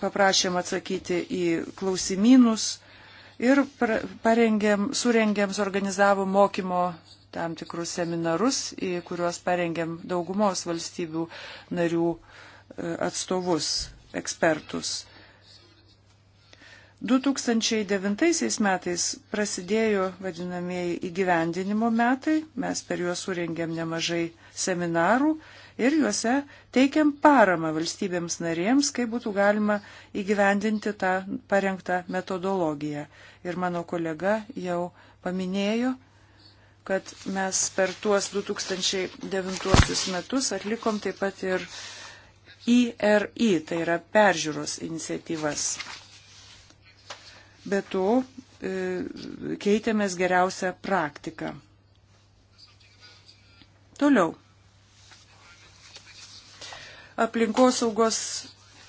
paprašėm atsakyti į klausimynus ir parengėm, surengėm, suorganizavom mokymo tam tikrus seminarus, į kuriuos parengėm daugumos valstybių narių e, atstovus, ekspertus. 2009 metais prasidėjo vadinamieji įgyvendinimo metai, mes per juos surengėm nemažai seminarų ir juose teikiam paramą valstybėms narėms, kaip būtų galima įgyvendinti tą parengtą metodologiją. Ir mano kolega jau paminėjo, kad mes per tuos 2009 metus atlikom taip pat ir IRI, e tai yra peržiūros iniciatyvas. Be to, e, keitėmės geriausią praktiką. Toliau. Aplinkosaugos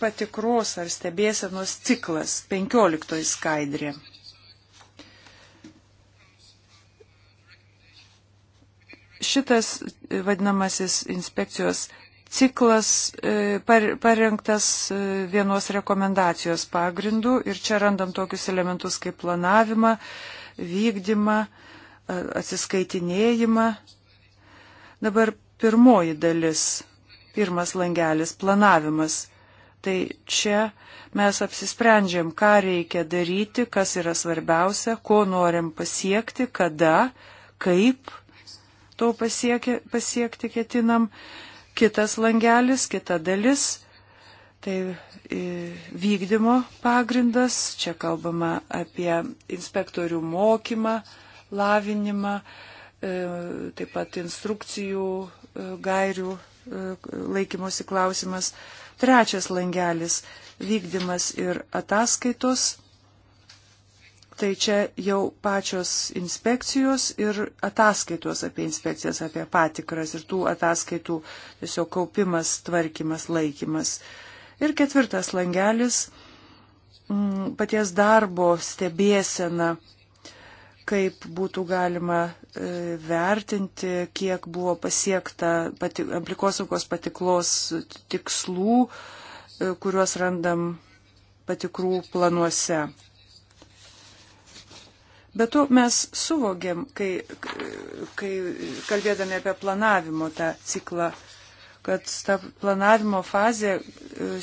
patikros ar stebėsenos ciklas 15 skaidrė. šitas e, vadinamasis inspekcijos ciklas e, parengtas e, vienos rekomendacijos pagrindų ir čia randam tokius elementus kaip planavimą, vykdymą, atsiskaitinėjimą. Dabar pirmoji dalis, pirmas langelis - planavimas. Tai čia mes apsisprendžiam, ką reikia daryti, kas yra svarbiausia, ko norim pasiekti, kada, kaip to pasiekė, pasiekti ketinam. Kitas langelis, kita dalis, tai e, vykdymo pagrindas, čia kalbama apie inspektorių mokymą, lavinimą, e, taip pat instrukcijų e, gairių laikymosi klausimas. Trečias langelis - vykdymas ir ataskaitos tai čia jau pačios inspekcijos ir ataskaitos apie inspekcijas, apie patikras ir tų ataskaitų tiesiog kaupimas, tvarkymas, laikymas. Ir ketvirtas langelis mm, - paties darbo stebėsena, kaip būtų galima e, vertinti, kiek buvo pasiekta pati, aplikosaugos patiklos tikslų, e, kuriuos randam patikrų planuose. Bet to mes suvogėm, kai, kai kalbėdami apie planavimo tą ciklą, kad ta planavimo fazė e,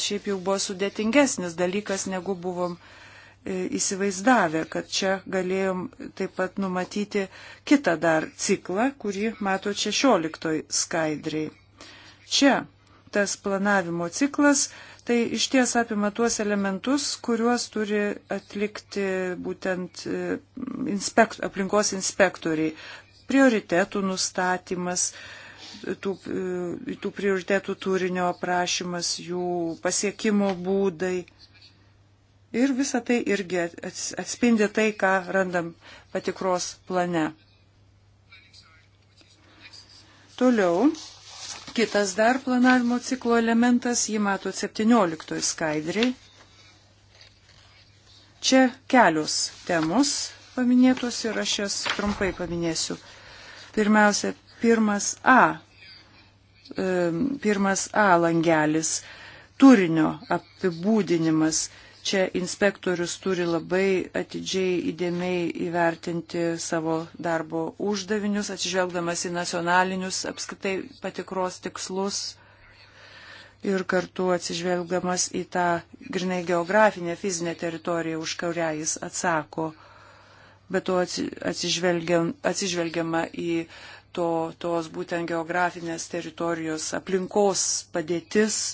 šiaip jau buvo sudėtingesnis dalykas, negu buvom e, įsivaizdavę, kad čia galėjom taip pat numatyti kitą dar ciklą, kurį mato 16 skaidriai. Čia tas planavimo ciklas tai iš ties apima tuos elementus, kuriuos turi atlikti būtent e, inspekt, aplinkos inspektoriai. Prioritetų nustatymas, tų, e, tų prioritetų turinio aprašymas, jų pasiekimo būdai. Ir visa tai irgi atspindi tai, ką randam patikros plane. Toliau Kitas dar planavimo ciklo elementas, jį mato 17 skaidriai. Čia kelios temos paminėtos ir aš jas trumpai paminėsiu. Pirmiausia, pirmas A, pirmas A langelis, turinio apibūdinimas Čia inspektorius turi labai atidžiai įdėmiai įvertinti savo darbo uždavinius, atsižvelgdamas į nacionalinius apskritai patikros tikslus ir kartu atsižvelgdamas į tą grinai geografinę fizinę teritoriją, už kurią jis atsako. Bet to atsižvelgiam, atsižvelgiama į to, tos būtent geografinės teritorijos aplinkos padėtis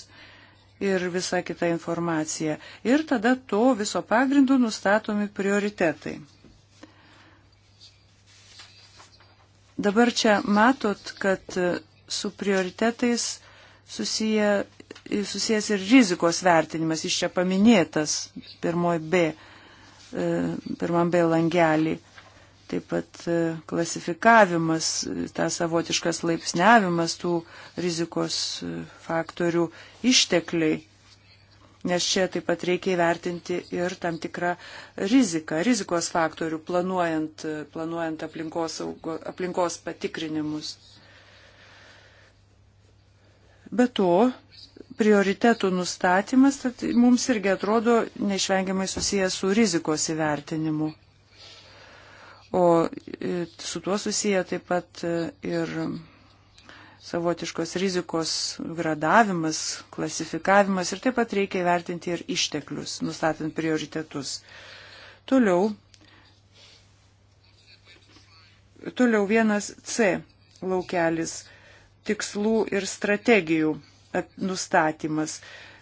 ir visa kita informacija. Ir tada to viso pagrindų nustatomi prioritetai. Dabar čia matot, kad e, su prioritetais susiję, susijęs ir rizikos vertinimas, iš čia paminėtas pirmoj B, e, pirmam B langelį. Taip pat e, klasifikavimas, ta savotiškas laipsniavimas tų rizikos e, faktorių ištekliai nes čia taip pat reikia įvertinti ir tam tikrą riziką, rizikos faktorių, planuojant, e, planuojant aplinkos, augo, aplinkos patikrinimus. Be to, prioritetų nustatymas mums irgi atrodo neišvengiamai susijęs su rizikos įvertinimu. O e, su tuo susiję taip pat e, ir savotiškos rizikos gradavimas, klasifikavimas ir taip pat reikia įvertinti ir išteklius, nustatant prioritetus. Toliau, toliau vienas C laukelis - tikslų ir strategijų nustatymas.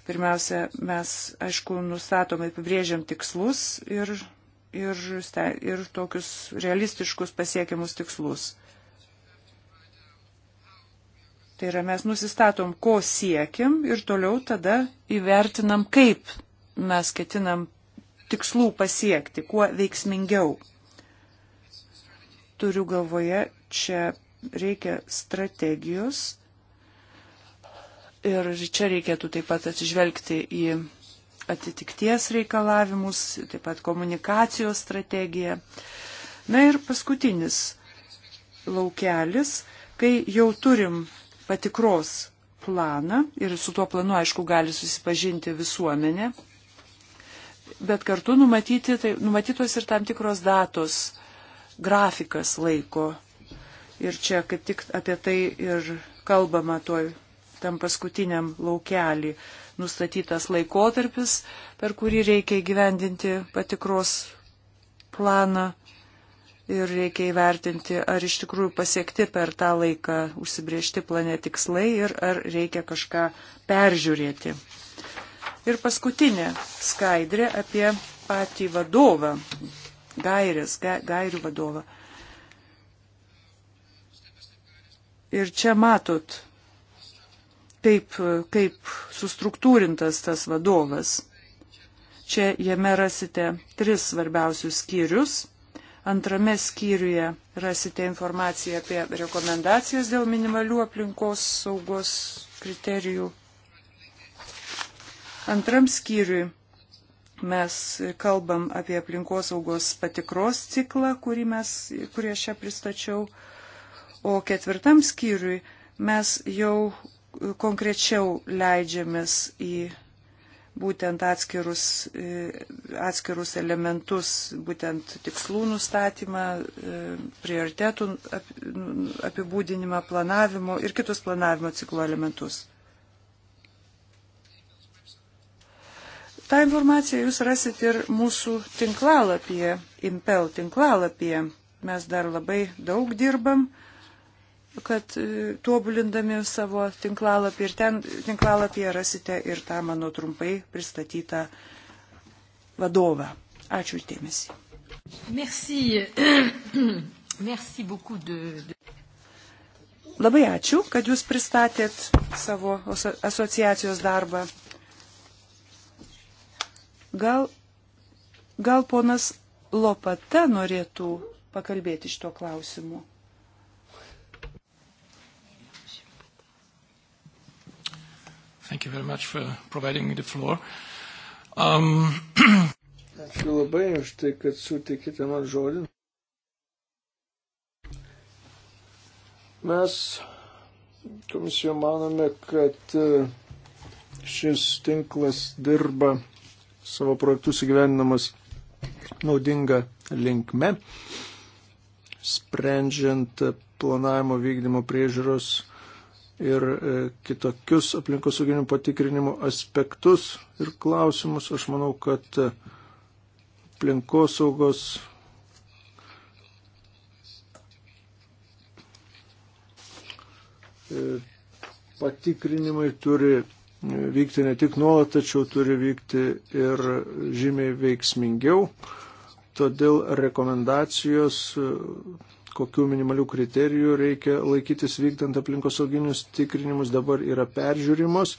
Pirmiausia, mes, aišku, nustatome, apibrėžiam tikslus ir ir, ir tokius realistiškus pasiekiamus tikslus. Tai yra mes nusistatom, ko siekim ir toliau tada įvertinam, kaip mes ketinam tikslų pasiekti, kuo veiksmingiau. Turiu galvoje, čia reikia strategijos ir čia reikėtų taip pat atsižvelgti į atitikties reikalavimus, taip pat komunikacijos strategiją. Na ir paskutinis laukelis, kai jau turim patikros planą ir su tuo planu, aišku, gali susipažinti visuomenė, bet kartu numatyti, tai, numatytos ir tam tikros datos, grafikas laiko. Ir čia kaip tik apie tai ir kalbama toj tam paskutiniam laukelį, nustatytas laikotarpis, per kurį reikia įgyvendinti patikros planą ir reikia įvertinti, ar iš tikrųjų pasiekti per tą laiką užsibriežti plane tikslai ir ar reikia kažką peržiūrėti. Ir paskutinė skaidrė apie patį vadovą, gairės, ga, gairių vadovą. Ir čia matot taip, kaip sustruktūrintas tas vadovas. Čia jame rasite tris svarbiausius skyrius. Antrame skyriuje rasite informaciją apie rekomendacijas dėl minimalių aplinkos saugos kriterijų. Antram skyriui mes kalbam apie aplinkos saugos patikros ciklą, kurį, mes, kurį aš čia pristačiau. O ketvirtam skyriui mes jau konkrečiau leidžiamės į būtent atskirus, e, atskirus elementus, būtent tikslų nustatymą, e, prioritetų apibūdinimą, planavimo ir kitus planavimo ciklo elementus. Ta informacija jūs rasit ir mūsų tinklalapyje, Impel tinklalapyje. Mes dar labai daug dirbam, kad e, tuobulindami savo tinklalapį ir ten tinklalapyje rasite ir tą mano trumpai pristatytą vadovą. Ačiū uždėmesi. Merci. Merci beaucoup de, de... Labai ačiū, kad jūs pristatėt savo asociacijos darbą. Gal, gal ponas Lopata norėtų pakalbėti šito klausimu? Thank you very much for providing me the floor. Um, Ačiū labai už tai, kad sutikite man žodį. Mes komisijoje manome, kad uh, šis tinklas dirba savo projektus įgyvendinamas naudinga linkme, sprendžiant planavimo vykdymo priežiūros ir e, kitokius aplinkosauginių patikrinimų aspektus ir klausimus. Aš manau, kad e, aplinkosaugos e, patikrinimai turi vykti ne tik nuolat, tačiau turi vykti ir žymiai veiksmingiau. Todėl rekomendacijos kokių minimalių kriterijų reikia laikytis vykdant aplinkosauginius tikrinimus, dabar yra peržiūrimos.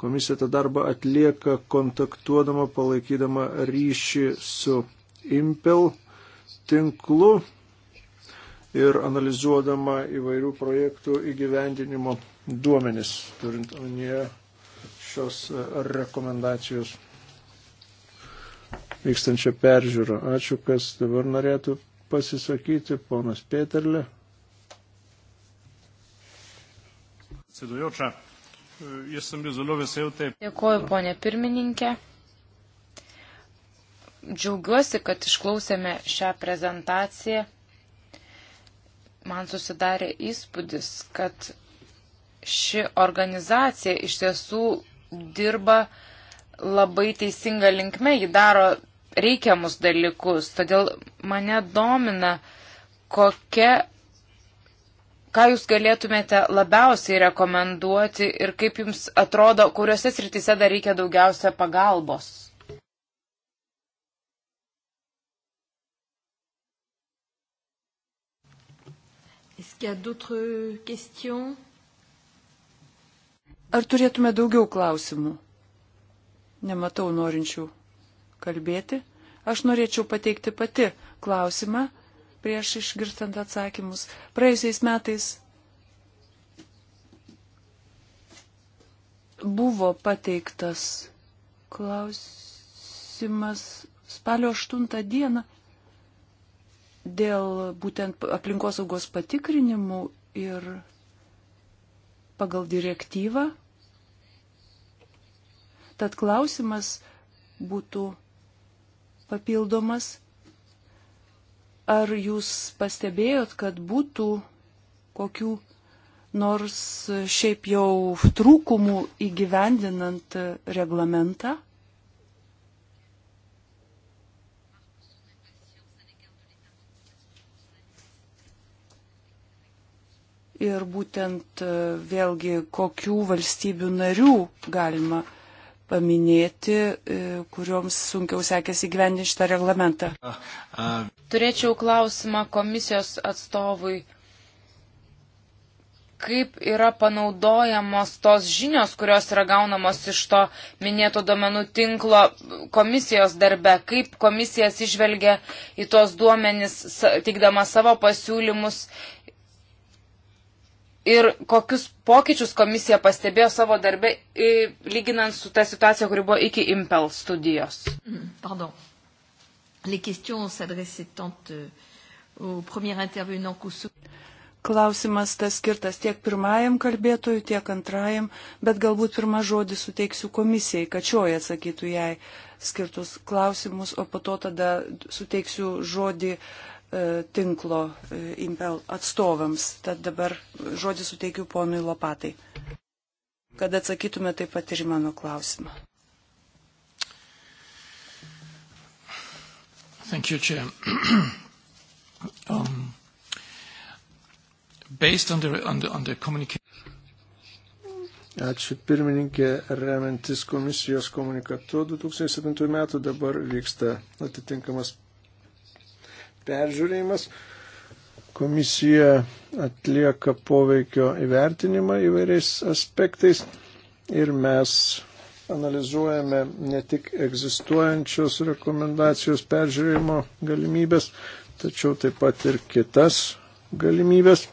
Komisija tą darbą atlieka kontaktuodama, palaikydama ryšį su Impel tinklu ir analizuodama įvairių projektų įgyvendinimo duomenis, turint omenyje šios rekomendacijos vykstančią peržiūrą. Ačiū, kas dabar norėtų pasisakyti, ponas Peterle. Dėkuoju, ponė pirmininkė. Džiaugiuosi, kad išklausėme šią prezentaciją. Man susidarė įspūdis, kad ši organizacija iš tiesų dirba labai teisinga linkme, ji daro reikiamus dalykus. Todėl mane domina, kokia, ką jūs galėtumėte labiausiai rekomenduoti ir kaip jums atrodo, kuriuose srityse dar reikia daugiausia pagalbos. Ar turėtume daugiau klausimų? Nematau norinčių kalbėti. Aš norėčiau pateikti pati klausimą prieš išgirstant atsakymus. Praėjusiais metais buvo pateiktas klausimas spalio 8 dieną dėl būtent aplinkosaugos patikrinimų ir pagal direktyvą. Tad klausimas būtų papildomas. Ar jūs pastebėjot, kad būtų kokių nors šiaip jau trūkumų įgyvendinant reglamentą? ir būtent e, vėlgi kokių valstybių narių galima paminėti, e, kurioms sunkiau sekėsi gyvendinti šitą reglamentą. Turėčiau klausimą komisijos atstovui. Kaip yra panaudojamos tos žinios, kurios yra gaunamos iš to minėto domenų tinklo komisijos darbe? Kaip komisijas išvelgia į tos duomenis, teikdama savo pasiūlymus ir kokius pokyčius komisija pastebėjo savo darbe, lyginant su ta situacija, kuri buvo iki Impel studijos. Mm, pardon. Les questions s'adressaient tant euh, au premier intervenant qu'au Klausimas tas skirtas tiek pirmajam kalbėtojui, tiek antrajam, bet galbūt pirmą žodį suteiksiu komisijai, kad šioje atsakytų jai skirtus klausimus, o po to tada suteiksiu žodį uh, E, tinklo e, Impel atstovams. Tad dabar žodį suteikiu ponui Lopatai, kad atsakytume taip pat ir į mano klausimą. Thank you, Chair. um, based on the, on the, on the communication. Ačiū pirmininkė, remiantis komisijos komunikatu 2007 metų dabar vyksta atitinkamas peržiūrėjimas. Komisija atlieka poveikio įvertinimą įvairiais aspektais ir mes analizuojame ne tik egzistuojančios rekomendacijos peržiūrėjimo galimybės, tačiau taip pat ir kitas galimybės.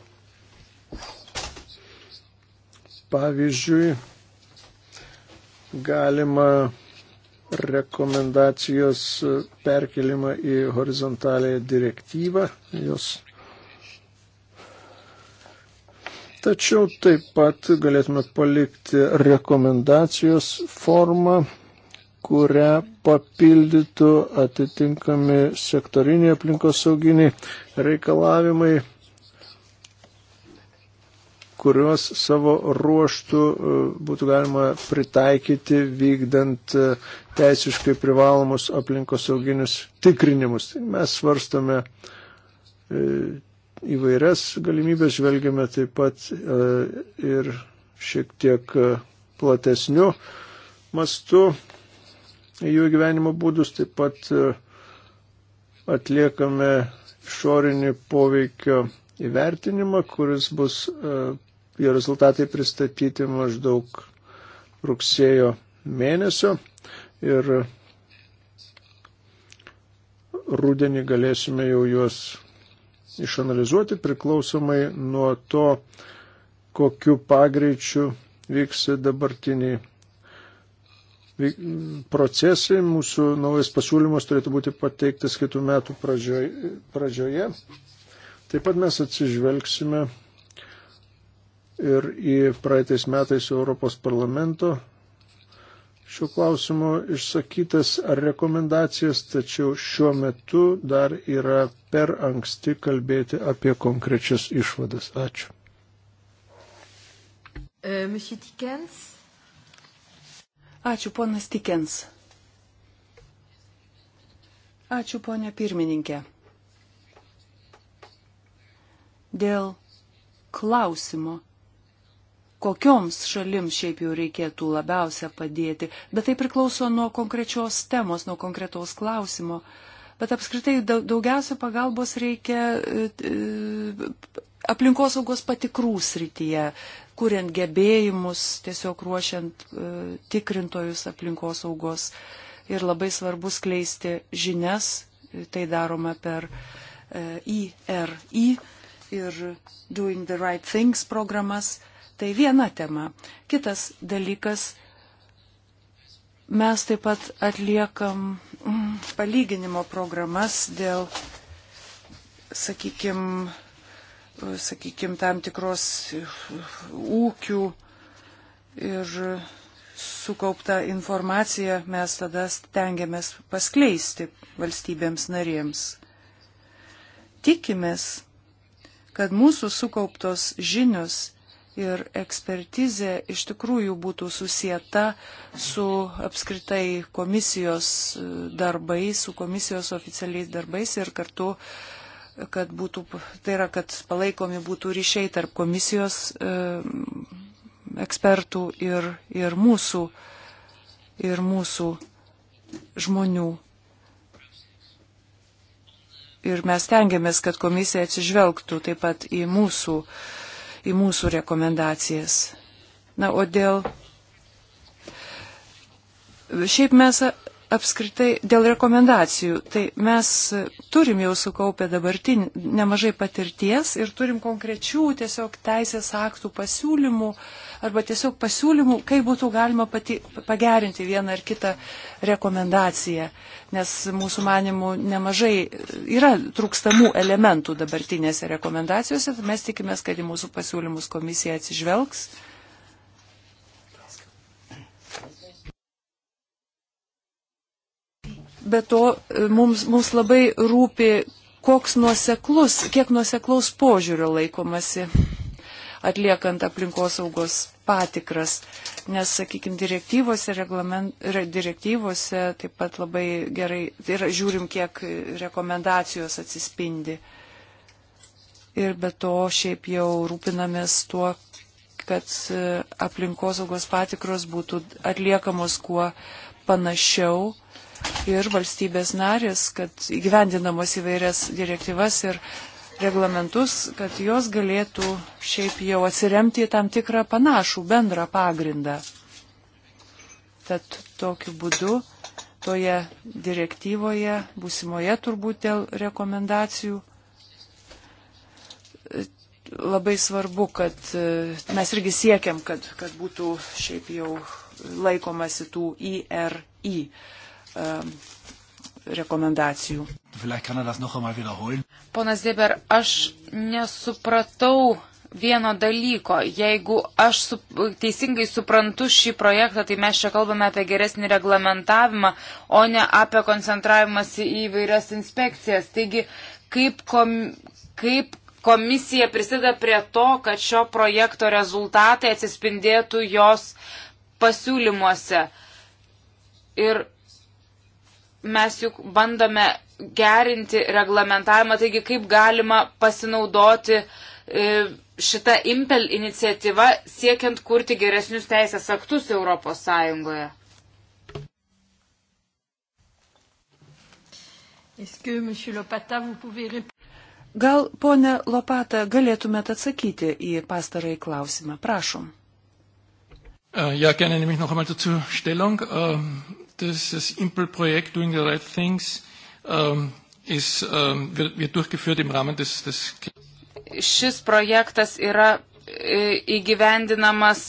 Pavyzdžiui, galima rekomendacijos perkelimą į horizontalę direktyvą. Jos. Tačiau taip pat galėtume palikti rekomendacijos formą, kurią papildytų atitinkami sektoriniai aplinkosauginiai reikalavimai kuriuos savo ruoštų e, būtų galima pritaikyti vykdant e, teisiškai privalomus aplinkosauginius tikrinimus. Tai mes svarstame e, įvairias galimybės, žvelgiame taip pat ir šiek tiek platesniu mastu jų gyvenimo būdus, taip pat atliekame išorinį poveikio įvertinimą, kuris bus jo rezultatai pristatyti maždaug rugsėjo mėnesio ir rūdienį galėsime jau juos išanalizuoti priklausomai nuo to, kokiu pagreičiu vyks dabartiniai procesai. Mūsų naujas pasiūlymas turėtų būti pateiktas kitų metų pradžioje. pradžioje. Taip pat mes atsižvelgsime ir į praeitais metais Europos parlamento šiuo klausimu išsakytas rekomendacijas, tačiau šiuo metu dar yra per anksti kalbėti apie konkrečias išvadas. Ačiū. E, monsieur Tikens. Ačiū, ponas Tikens. Ačiū, ponė pirmininkė. Dėl klausimo kokioms šalims šiaip jau reikėtų labiausia padėti, bet tai priklauso nuo konkrečios temos, nuo konkretaus klausimo. Bet apskritai daugiausia pagalbos reikia e, e, aplinkosaugos patikrų srityje, kuriant gebėjimus, tiesiog ruošiant e, tikrintojus aplinkosaugos. Ir labai svarbu skleisti žinias, tai daroma per IRI ir Doing the Right Things programas Tai viena tema. Kitas dalykas mes taip pat atliekam mm, palyginimo programas dėl, sakykime, sakykim, tam tikros uh, ūkių ir sukauptą informaciją mes tada stengiamės paskleisti valstybėms narėms. Tikimės, kad mūsų sukauptos žinios ir ekspertizė iš tikrųjų būtų susieta su apskritai komisijos e, darbais, su komisijos oficialiais darbais ir kartu, kad būtų, tai yra, kad palaikomi būtų ryšiai tarp komisijos e, ekspertų ir, ir mūsų, ir mūsų žmonių ir mes tengiamės, kad komisija atsižvelgtų taip pat į mūsų į mūsų rekomendacijas. Na, o dėl. Šiaip mes apskritai dėl rekomendacijų, tai mes turim jau sukaupę dabartinį nemažai patirties ir turim konkrečių tiesiog teisės aktų pasiūlymų, uh, arba tiesiog pasiūlymų, kaip būtų galima pati, pagerinti vieną ar kitą rekomendaciją, nes mūsų manimų nemažai yra trūkstamų elementų dabartinėse rekomendacijose, mes tikimės, kad į mūsų pasiūlymus komisija atsižvelgs. Be to, mums, mums labai rūpi, koks nuoseklus, kiek nuoseklaus požiūrio laikomasi atliekant aplinkosaugos patikras, nes, sakykime, direktyvose, direktyvose taip pat labai gerai, tai yra žiūrim, kiek rekomendacijos atsispindi. Ir be to šiaip jau rūpinamės tuo, kad e, aplinkosaugos patikros būtų atliekamos kuo panašiau ir valstybės narės, kad įgyvendinamos įvairias direktyvas ir reglamentus, kad jos galėtų šiaip jau atsiremti į tam tikrą panašų bendrą pagrindą. Tad tokiu būdu toje direktyvoje, būsimoje turbūt dėl rekomendacijų, labai svarbu, kad e, mes irgi siekiam, kad, kad būtų šiaip jau laikomasi tų IRI rekomendacijų. Er Ponas Zeber, aš nesupratau vieno dalyko. Jeigu aš su, teisingai suprantu šį projektą, tai mes čia kalbame apie geresnį reglamentavimą, o ne apie koncentravimąsi į vairias inspekcijas. Taigi, kaip, kom, kaip komisija prisideda prie to, kad šio projekto rezultatai atsispindėtų jos pasiūlymuose. Ir mes juk bandome gerinti reglamentavimą, taigi kaip galima pasinaudoti e, šitą impel iniciatyvą siekiant kurti geresnius teisės aktus Europos Sąjungoje. Gal, ponė Lopata, galėtumėt atsakyti į pastarąjį klausimą. Prašom. Äh, ja, gerne nehme ich noch einmal dazu Stellung. Ähm, das, das Impel-Projekt Doing the Right Things ähm, um, ist, ähm, um, wird, wird durchgeführt im Rahmen des, des. Šis projektas yra e, įgyvendinamas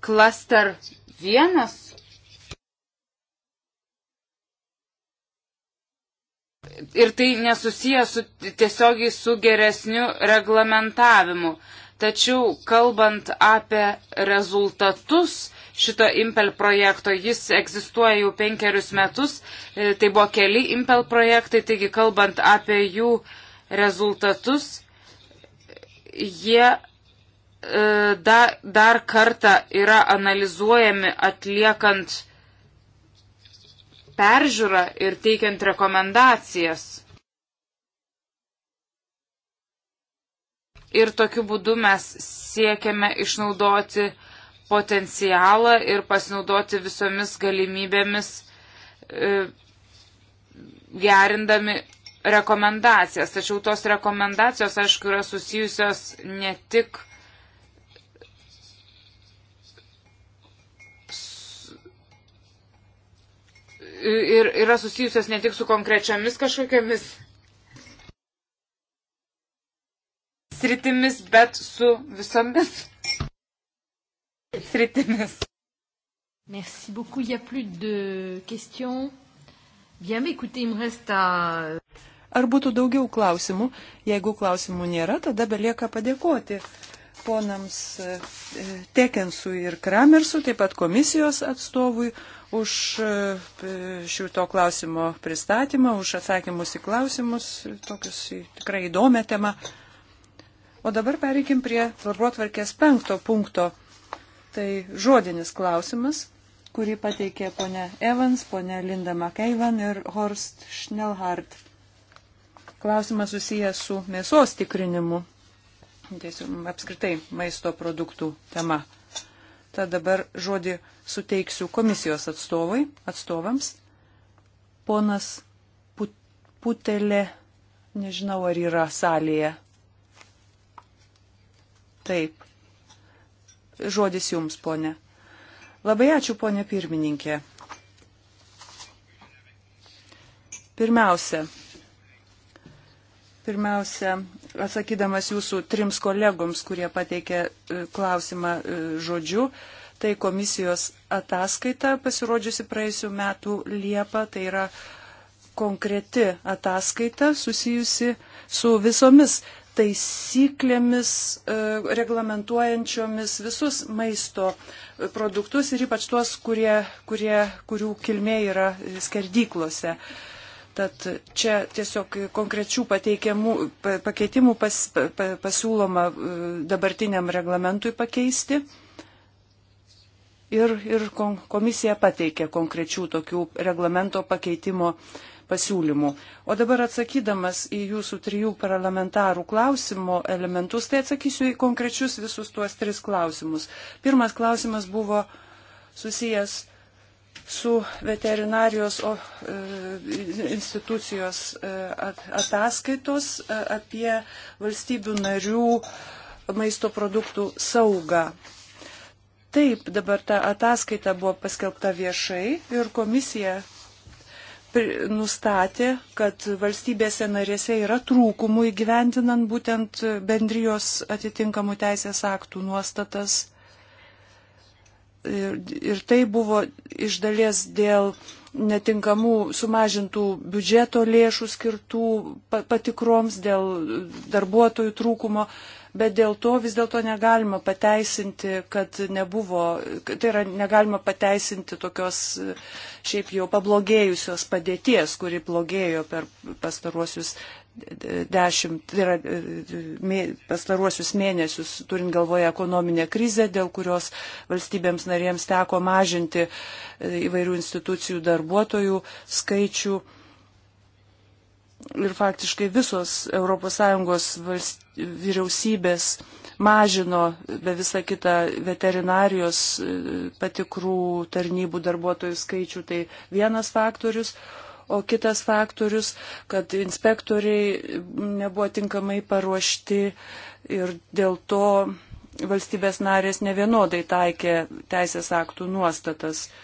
klaster e, vienas. Ir tai nesusijęs su, tiesiogiai su geresniu reglamentavimu. Tačiau kalbant apie rezultatus, šito Impel projekto. Jis egzistuoja jau penkerius metus. E, tai buvo keli Impel projektai, taigi kalbant apie jų rezultatus, jie e, da, dar kartą yra analizuojami atliekant peržiūrą ir teikiant rekomendacijas. Ir tokiu būdu mes siekiame išnaudoti uh, potencialą ir pasinaudoti visomis galimybėmis e, gerindami rekomendacijas. Tačiau tos rekomendacijos, aišku, yra susijusios ne tik ir yra susijusios ne tik su konkrečiamis kažkokiamis sritimis, bet su visomis sritimis. Merci beaucoup. Il n'y a plus de questions. Bien, mais écoutez, il me reste à. Ar būtų daugiau klausimų? Jeigu klausimų nėra, tada belieka padėkoti ponams e, Tekensui ir Kramersui, taip pat komisijos atstovui už e, šito klausimo pristatymą, už atsakymus į klausimus, tokius į tikrai įdomią temą. O dabar pereikim prie darbotvarkės penkto punkto. Tai žodinis klausimas, kurį pateikė ponia Evans, ponia Linda McEvan ir Horst Schnellhardt. Klausimas susijęs su mėsos tikrinimu. Tiesiog apskritai maisto produktų tema. Tad dabar žodį suteiksiu komisijos atstovai, atstovams. Ponas put, Putelė, nežinau ar yra salėje. Taip, Žodis jums, ponė. Labai ačiū, ponė pirmininkė. Pirmiausia, pirmiausia, atsakydamas jūsų trims kolegoms, kurie pateikė e, klausimą e, žodžiu, tai komisijos ataskaita pasirodžiusi praėjusiu metu Liepą, tai yra konkreti ataskaita susijusi su visomis taisyklėmis e, reglamentuojančiomis visus maisto produktus ir ypač tuos, kurie, kurie, kurių kilmė yra skerdyklose. Tad čia tiesiog konkrečių pakeitimų pas, pasiūloma e, dabartiniam reglamentui pakeisti. Ir, ir komisija pateikė konkrečių tokių reglamento pakeitimo uh, pasiūlymų. O dabar atsakydamas į jūsų trijų parlamentarų klausimo elementus, tai atsakysiu į konkrečius visus tuos tris klausimus. Pirmas klausimas buvo susijęs su veterinarijos o, e, institucijos e, ataskaitos e, apie valstybių narių maisto produktų saugą. Taip, dabar ta ataskaita buvo paskelbta viešai ir komisija nustatė, kad valstybėse narėse yra trūkumų įgyvendinant būtent bendrijos atitinkamų teisės aktų nuostatas. Ir, ir tai buvo iš dalies dėl netinkamų sumažintų biudžeto lėšų skirtų patikroms, dėl darbuotojų trūkumo bet dėl to vis dėlto negalima pateisinti, kad nebuvo, tai yra negalima pateisinti tokios šiaip jau pablogėjusios padėties, kuri blogėjo per pastaruosius dešimt, tai yra mė, pastaruosius mėnesius, turint galvoje ekonominę krizę, dėl kurios valstybėms narėms teko mažinti įvairių institucijų darbuotojų skaičių ir faktiškai visos ES vyriausybės mažino be visą kitą veterinarijos e, patikrų tarnybų darbuotojų skaičių, tai vienas faktorius. O kitas faktorius, kad inspektoriai nebuvo tinkamai paruošti ir dėl to valstybės narės nevienodai taikė teisės aktų nuostatas. Uh,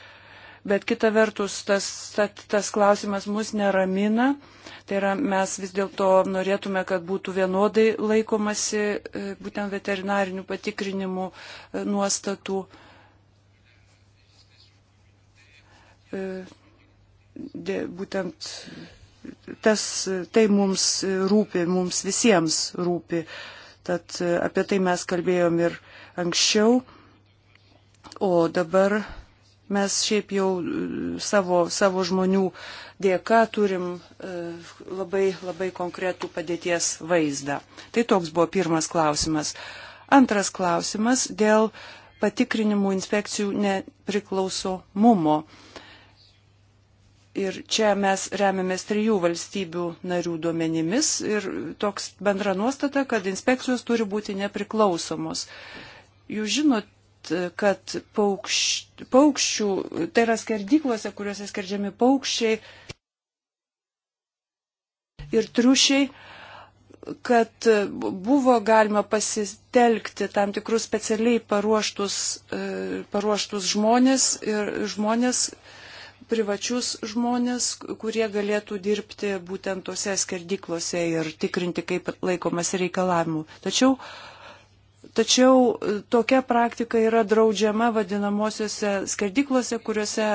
bet kita vertus tas, tas, tas klausimas mus neramina. Tai yra, mes vis dėlto norėtume, kad būtų vienodai laikomasi e, būtent veterinarinių patikrinimų e, nuostatų. E, de, būtent tas, tai mums rūpi, mums visiems rūpi. Tad apie tai mes kalbėjom ir anksčiau. O dabar Mes šiaip jau e, savo, savo žmonių dėka turim e, labai, labai konkretų padėties vaizdą. Tai toks buvo pirmas klausimas. Antras klausimas dėl patikrinimų inspekcijų nepriklausomumo. Ir čia mes remiamės trijų valstybių narių duomenimis ir toks bendra nuostata, kad inspekcijos turi būti nepriklausomos. Jūs žinot, kad paukš, paukščių, tai yra skerdyklose, kuriuose skerdžiami paukščiai ir triušiai, kad buvo galima pasitelkti tam tikrus specialiai paruoštus, e, paruoštus žmonės ir žmonės, privačius žmonės, kurie galėtų dirbti būtent tose skerdyklose ir tikrinti, kaip laikomas reikalavimų. Tačiau uh, Tačiau e, tokia praktika yra draudžiama vadinamosiose skerdiklose, kuriuose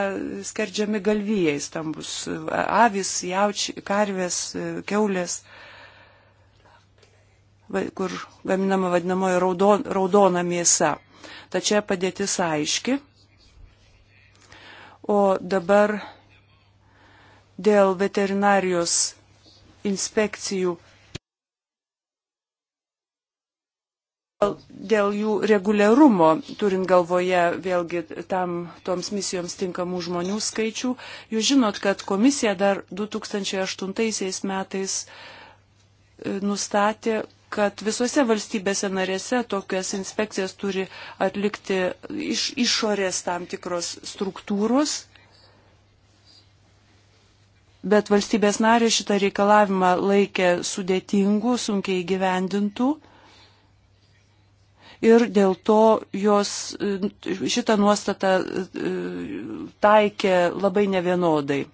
skerdžiami galvijai stambus e, - avis, jaučiai, karvės, e, keulės, kur gaminama vadinamoji raudon, raudona mėsa. Tačiau padėtis aiški. O dabar dėl veterinarijos inspekcijų dėl jų reguliarumo, turint galvoje vėlgi tam, toms misijoms tinkamų žmonių skaičių. Jūs žinot, kad komisija dar 2008 metais e, nustatė, kad visose valstybėse narėse tokias inspekcijas turi atlikti iš išorės tam tikros struktūros. Bet valstybės narė šitą reikalavimą laikė sudėtingų, sunkiai gyvendintų ir dėl to jos e, šitą nuostatą e, taikė labai nevienodai.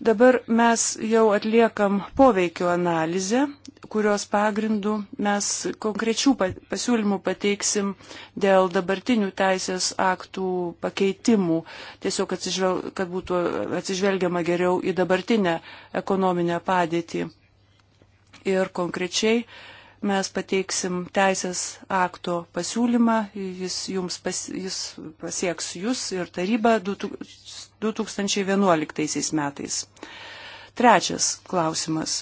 Dabar mes jau atliekam poveikio analizę, kurios pagrindų mes konkrečių pasiūlymų pateiksim dėl dabartinių teisės aktų pakeitimų, tiesiog atsižvel, kad būtų atsižvelgiama geriau į dabartinę ekonominę padėtį. Ir konkrečiai uh, mes pateiksim teisės akto pasiūlymą, jis, jums pas, jis pasieks jūs ir tarybą 2011 metais. Trečias klausimas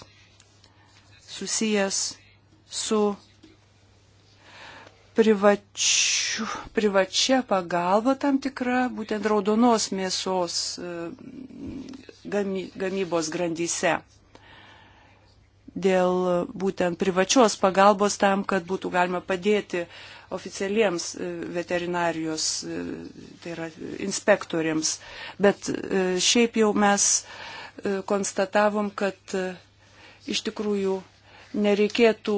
susijęs su privačiu, privačia pagalba tam tikra, būtent raudonos mėsos e, gamy, gamybos grandyse dėl būtent privačios pagalbos tam, kad būtų galima padėti oficialiems e, veterinarijos, e, tai yra inspektoriams. Bet e, šiaip jau mes konstatavom, kad iš tikrųjų nereikėtų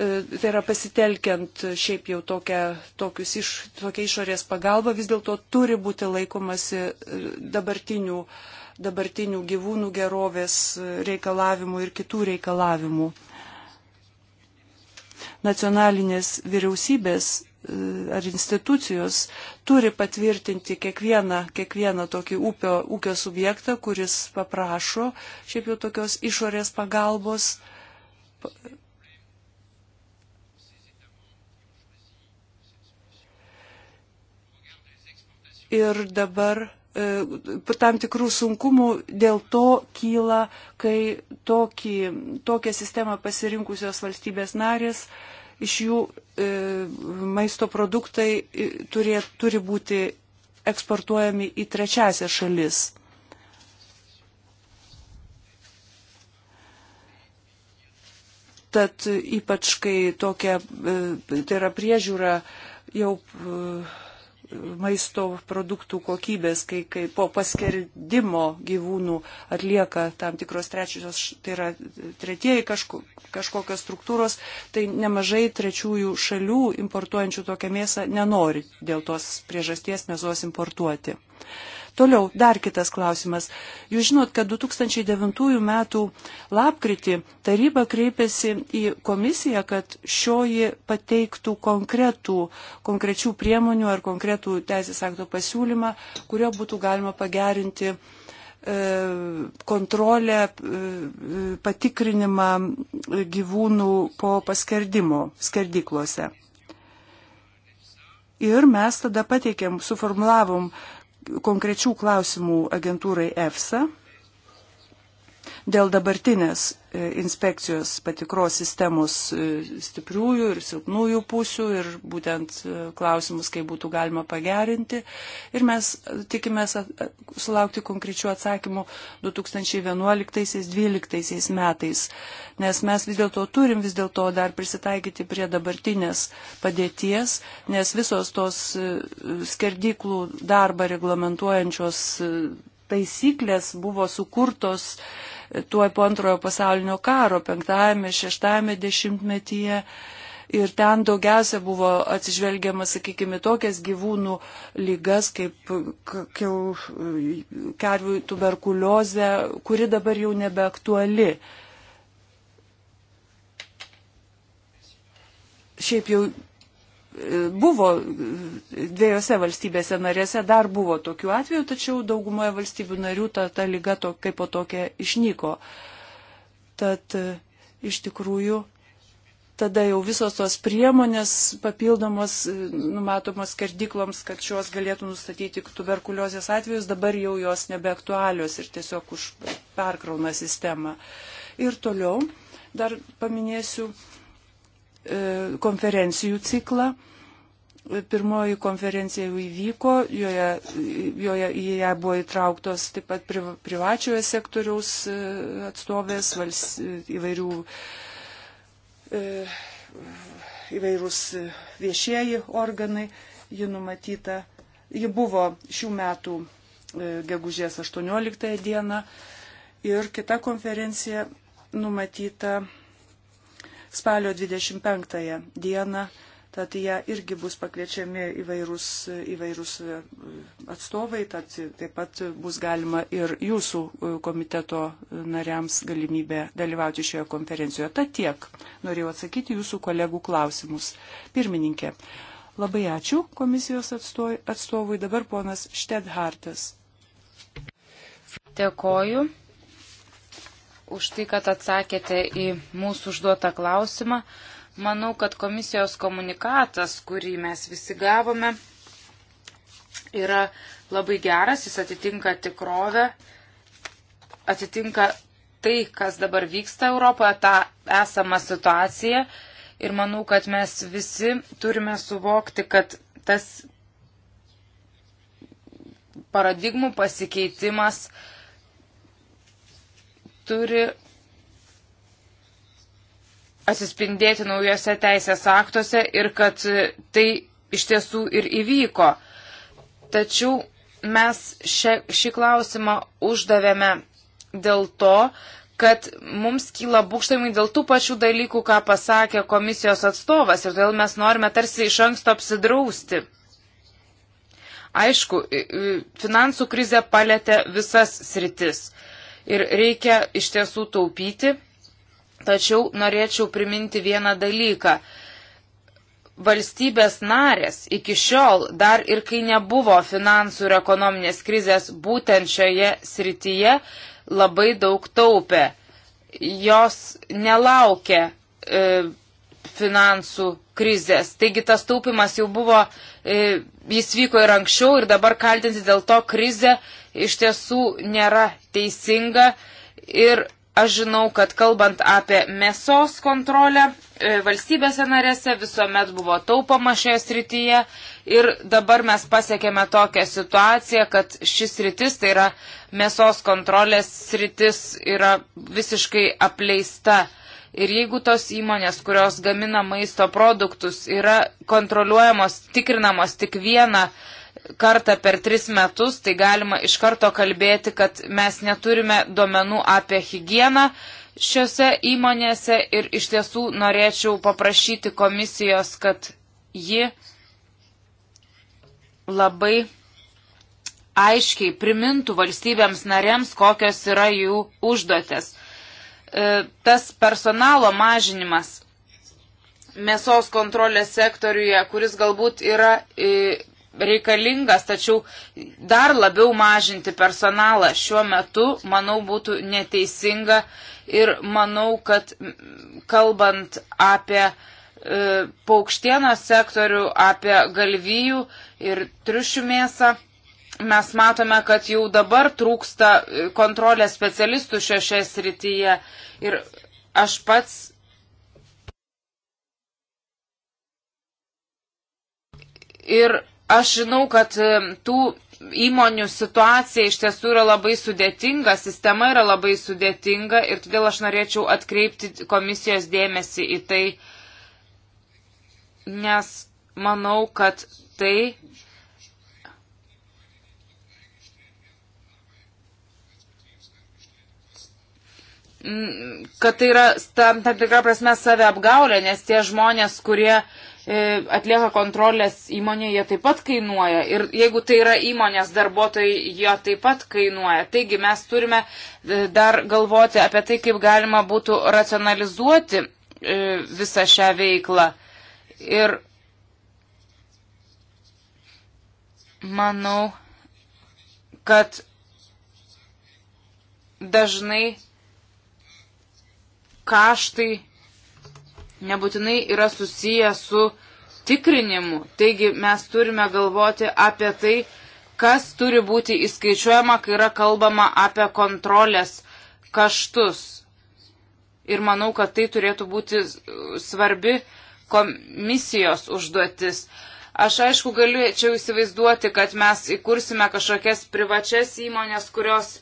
tai yra pasitelkiant šiaip jau tokią, tokius iš, tokią išorės pagalbą, vis dėlto turi būti laikomasi dabartinių uh, dabartinių gyvūnų gerovės reikalavimų ir kitų reikalavimų. Nacionalinės vyriausybės e, ar institucijos turi patvirtinti kiekvieną, kiekvieną tokį upio, ūkio subjektą, kuris paprašo šiaip jau tokios išorės pagalbos. Ir dabar E, tam tikrų sunkumų dėl to kyla, kai tokį, tokią sistemą pasirinkusios valstybės narės, iš jų e, maisto produktai turė, turi būti eksportuojami į trečiasią šalis. Tad ypač, kai tokia, e, tai yra priežiūra jau e, maisto produktų kokybės, kai, kai po paskerdimo gyvūnų atlieka tam tikros trečiosios, tai yra tretieji kažko, kažkokios struktūros, tai nemažai trečiųjų šalių importuojančių tokią mėsą nenori dėl tos priežasties mėsos importuoti. Uh, Toliau, dar kitas klausimas. Jūs žinot, kad 2009 m. lapkritį taryba kreipėsi į komisiją, kad šioji pateiktų konkretų, konkrečių priemonių ar konkretų teisės akto pasiūlymą, kurio būtų galima pagerinti e, kontrolę, e, patikrinimą gyvūnų po paskerdimo skerdyklose. Ir mes tada pateikėm, suformulavom konkrečių klausimų agentūrai EFSA Dėl dabartinės e, inspekcijos patikros sistemos e, stipriųjų ir silpnųjų pusių ir būtent e, klausimus, kaip būtų galima pagerinti. Ir mes tikimės sulaukti konkrečių atsakymų 2011-2012 metais, nes mes vis dėlto turim vis dėlto dar prisitaikyti prie dabartinės padėties, nes visos tos skerdiklų darbą reglamentuojančios taisyklės buvo sukurtos tuoj po antrojo pasaulinio karo, penktajame, šeštame dešimtmetyje. Ir ten daugiausia buvo atsižvelgiama, sakykime, tokias gyvūnų lygas kaip kervių tuberkuliozė, kuri dabar jau nebeaktuali. Šiaip jau buvo dviejose valstybėse narėse, dar buvo tokių atvejų, tačiau daugumoje valstybių narių ta, ta lyga to, kaip po tokia išnyko. Tad iš tikrųjų tada jau visos tos priemonės papildomos numatomos skerdikloms, kad šios galėtų nustatyti tuberkuliozės atvejus, dabar jau jos nebeaktualios ir tiesiog už perkrauna sistemą. Ir toliau dar paminėsiu E, konferencijų ciklą. Pirmoji konferencija jau įvyko, joje, joje į ją buvo įtrauktos taip pat privačiojo sektoriaus e, atstovės, vals, įvairių, e, įvairūs viešieji organai. Ji numatyta, ji buvo šių metų gegužės 18 dieną ir kita konferencija numatyta spalio 25 dieną, tad jie irgi bus pakviečiami įvairūs, įvairūs e, atstovai, tad taip pat bus galima ir jūsų e, komiteto nariams galimybė dalyvauti šioje konferencijoje. Tad tiek, norėjau atsakyti jūsų kolegų klausimus. Pirmininkė. Labai ačiū komisijos atstovui. Dabar ponas Štedhartas. Dėkoju už tai, kad atsakėte į mūsų užduotą klausimą. Manau, kad komisijos komunikatas, kurį mes visi gavome, yra labai geras, jis atitinka tikrovę, atitinka tai, kas dabar vyksta Europoje, tą esamą situaciją. Ir manau, kad mes visi turime suvokti, kad tas paradigmų pasikeitimas uh, turi atsispindėti naujose teisės aktuose ir kad tai iš tiesų ir įvyko. Tačiau mes šia, šį klausimą uždavėme dėl to, kad mums kyla būkštamai dėl tų pačių dalykų, ką pasakė komisijos atstovas ir todėl mes norime tarsi iš anksto apsidrausti. Aišku, finansų krizė palėtė visas sritis ir reikia iš tiesų taupyti. Tačiau norėčiau priminti vieną dalyką. Valstybės narės iki šiol, dar ir kai nebuvo finansų ir ekonominės krizės, būtent šioje srityje labai daug taupė. Jos nelaukė e, finansų krizės. Taigi tas taupimas jau buvo, e, jis vyko ir anksčiau ir dabar kaltinti dėl to krizę iš tiesų nėra teisinga ir aš žinau, kad kalbant apie mėsos kontrolę, e, valstybėse narėse visuomet buvo taupama šioje srityje ir dabar mes pasiekėme tokią situaciją, kad šis sritis, tai yra mėsos kontrolės sritis, yra visiškai apleista. Ir jeigu tos įmonės, kurios gamina maisto produktus, yra kontroliuojamos, tikrinamos tik vieną, uh, kartą per tris metus, tai galima iš karto kalbėti, kad mes neturime duomenų apie higieną šiuose įmonėse ir iš tiesų norėčiau paprašyti komisijos, kad ji labai aiškiai primintų valstybėms narėms, kokios yra jų užduotis. E, tas personalo mažinimas mėsos kontrolės sektoriuje, kuris galbūt yra e, reikalingas, tačiau dar labiau mažinti personalą šiuo metu, manau, būtų neteisinga ir manau, kad kalbant apie e, paukštienos sektorių, apie galvijų ir triušių mėsą, mes matome, kad jau dabar trūksta kontrolės specialistų šioje srityje ir aš pats ir Aš žinau, kad e, tų įmonių situacija iš tiesų yra labai sudėtinga, sistema yra labai sudėtinga ir todėl aš norėčiau atkreipti komisijos dėmesį į tai, nes manau, kad tai. kad tai yra tam, tam tikra prasme save apgaulė, nes tie žmonės, kurie uh, E, atlieka kontrolės įmonė, jie taip pat kainuoja. Ir jeigu tai yra įmonės darbuotojai, jie taip pat kainuoja. Taigi mes turime e, dar galvoti apie tai, kaip galima būtų racionalizuoti e, visą šią veiklą. Ir manau, kad dažnai kaštai nebūtinai yra susiję su tikrinimu. Taigi mes turime galvoti apie tai, kas turi būti įskaičiuojama, kai yra kalbama apie kontrolės kaštus. Ir manau, kad tai turėtų būti svarbi komisijos užduotis. Aš aišku galėčiau įsivaizduoti, kad mes įkursime kažkokias privačias įmonės, kurios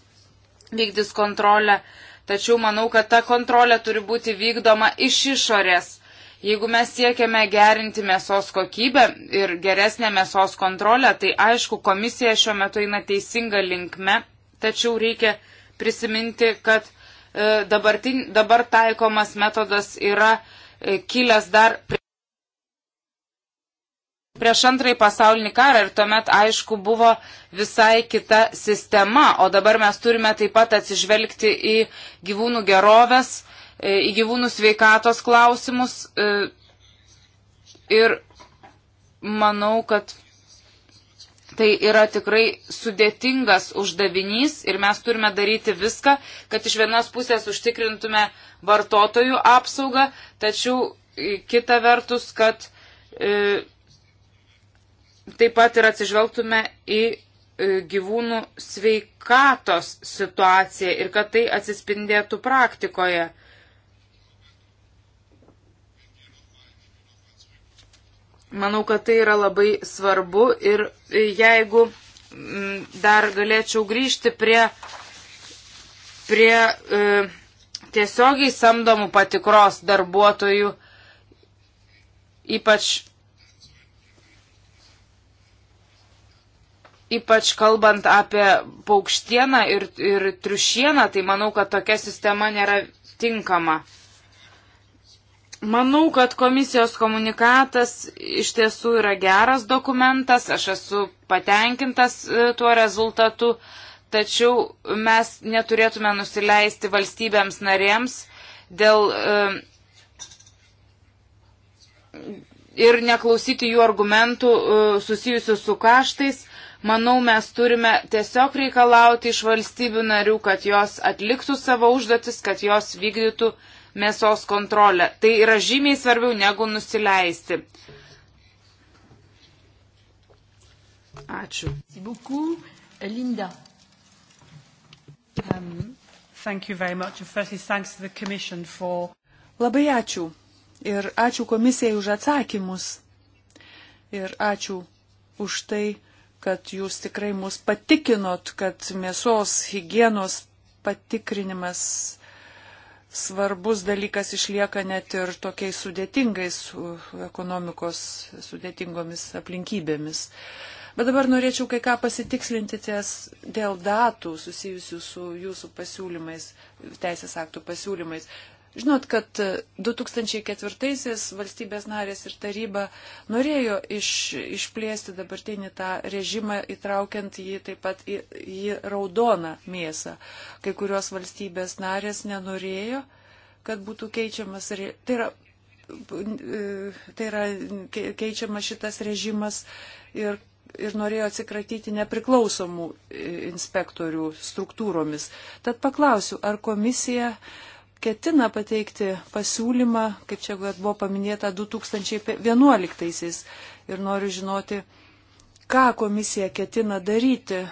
vykdys kontrolę uh, Tačiau manau, kad ta kontrolė turi būti vykdoma iš išorės. Jeigu mes siekiame gerinti mėsos kokybę ir geresnę mėsos kontrolę, tai aišku, komisija šiuo metu eina teisinga linkme, tačiau reikia prisiminti, kad e, dabar taikomas metodas yra e, kilęs dar prieš antrąjį pasaulinį karą ir tuomet, aišku, buvo visai kita sistema, o dabar mes turime taip pat atsižvelgti į gyvūnų gerovės, e, į gyvūnų sveikatos klausimus e, ir manau, kad tai yra tikrai sudėtingas uždavinys ir mes turime daryti viską, kad iš vienos pusės užtikrintume vartotojų apsaugą, tačiau e, kita vertus, kad e, taip pat ir atsižvelgtume į e, gyvūnų sveikatos situaciją ir kad tai atsispindėtų praktikoje. Manau, kad tai yra labai svarbu ir jeigu dar galėčiau grįžti prie, prie e, tiesiogiai samdomų patikros darbuotojų, ypač Ypač kalbant apie paukštieną ir, ir triušieną, tai manau, kad tokia sistema nėra tinkama. Manau, kad komisijos komunikatas iš tiesų yra geras dokumentas, aš esu patenkintas e, tuo rezultatu, tačiau mes neturėtume nusileisti valstybėms narėms dėl e, ir neklausyti jų argumentų e, susijusių su kaštais. Manau, mes turime tiesiog reikalauti iš valstybių narių, kad jos atliktų savo užduotis, kad jos vykdytų mėsos kontrolę. Tai yra žymiai svarbiau negu nusileisti. Ačiū. Linda. Um, thank you very much. Firstly, thanks to the Commission for. Labai ačiū. Ir ačiū komisijai už atsakymus. Ir ačiū už tai, kad jūs tikrai mus patikinot, kad mėsos hygienos patikrinimas svarbus dalykas išlieka net ir tokiais sudėtingais ekonomikos sudėtingomis aplinkybėmis. Bet dabar norėčiau kai ką pasitikslinti ties dėl datų susijusių su jūsų pasiūlymais, teisės aktų pasiūlymais. Žinot, kad 2004-aisiais valstybės narės ir taryba norėjo iš, išplėsti dabartinį tą režimą, įtraukiant jį taip pat į, į raudoną mėsą. Kai kurios valstybės narės nenorėjo, kad būtų keičiamas, tai yra, tai yra keičiamas šitas režimas ir ir norėjo atsikratyti nepriklausomų inspektorių struktūromis. Tad paklausiu, ar komisija ketina pateikti pasiūlymą, kaip čia buvo paminėta, 2011-aisiais. Ir noriu žinoti, ką komisija ketina daryti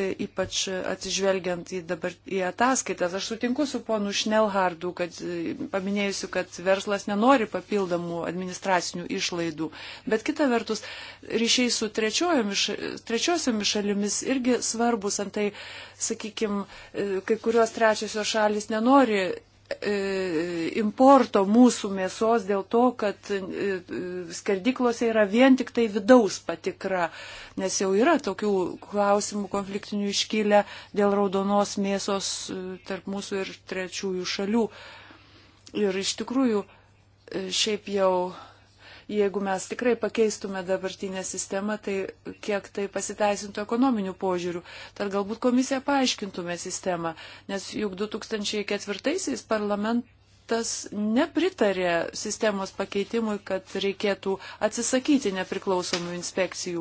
E, ypač atsižvelgiant į, dabar, į ataskaitas. Aš sutinku su ponu Šnelhardu, kad e, paminėjusiu, kad verslas nenori papildomų administracinių išlaidų. Bet kita vertus, ryšiai su trečiosiomis šalimis irgi svarbus, antai, sakykime, kai kurios trečiosios šalis nenori E, importo mūsų mėsos dėl to, kad e, skerdiklose yra vien tik tai vidaus patikra, nes jau yra tokių klausimų konfliktinių iškilę dėl raudonos mėsos e, tarp mūsų ir trečiųjų šalių. Ir iš tikrųjų, šiaip jau jeigu mes tikrai pakeistume dabartinę sistemą, tai kiek tai pasiteisintų ekonominių požiūrių. Tad galbūt komisija paaiškintume sistemą, nes juk 2004-aisiais parlamentas tas nepritarė sistemos pakeitimui, kad reikėtų atsisakyti nepriklausomų inspekcijų.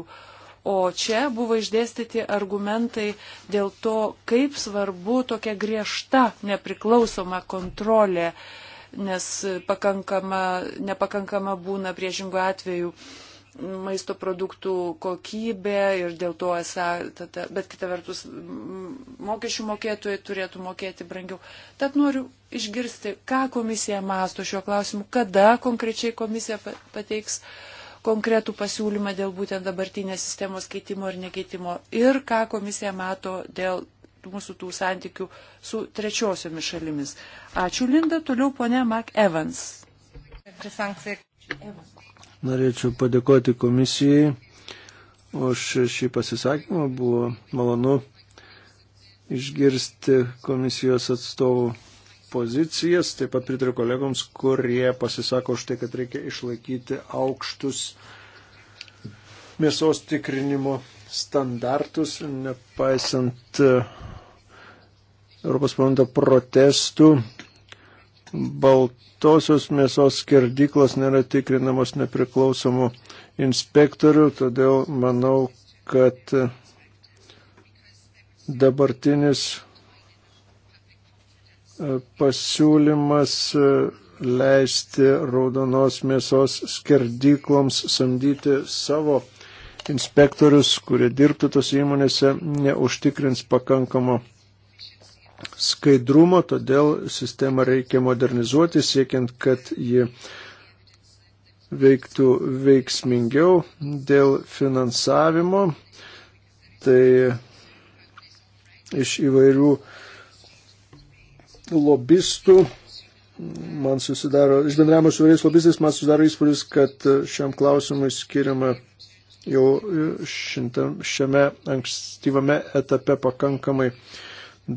O čia buvo išdėstyti argumentai dėl to, kaip svarbu tokia griežta nepriklausoma kontrolė uh, nes pakankama, nepakankama būna priešingų atvejų maisto produktų kokybė ir dėl to esą, tada, bet kita vertus, mokesčių mokėtojai turėtų mokėti brangiau. Tad noriu išgirsti, ką komisija masto šiuo klausimu, kada konkrečiai komisija pateiks konkretų pasiūlymą dėl būtent dabartinės sistemos keitimo ir nekeitimo ir ką komisija mato dėl mūsų tų santykių su trečiosiomis šalimis. Ačiū, Linda. Toliau ponia Mac Evans. Norėčiau padėkoti komisijai už šį pasisakymą. Buvo malonu išgirsti komisijos atstovų pozicijas. Taip pat pritariu kolegoms, kurie pasisako už tai, kad reikia išlaikyti aukštus mėsos tikrinimo standartus, nepaisant Europos parlamento protestų baltosios mėsos skerdyklos nėra tikrinamos nepriklausomų inspektorių, todėl manau, kad dabartinis e, pasiūlymas e, leisti raudonos mėsos skerdykloms samdyti savo inspektorius, kurie dirbtų tos įmonėse, neužtikrins pakankamo skaidrumo, todėl sistemą reikia modernizuoti, siekiant, kad ji veiktų veiksmingiau dėl finansavimo. Tai iš įvairių lobistų man susidaro, iš bendravimo su vairiais lobistais man susidaro įspūdis, kad šiam klausimui skiriama jau šintam, šiame ankstyvame etape pakankamai uh,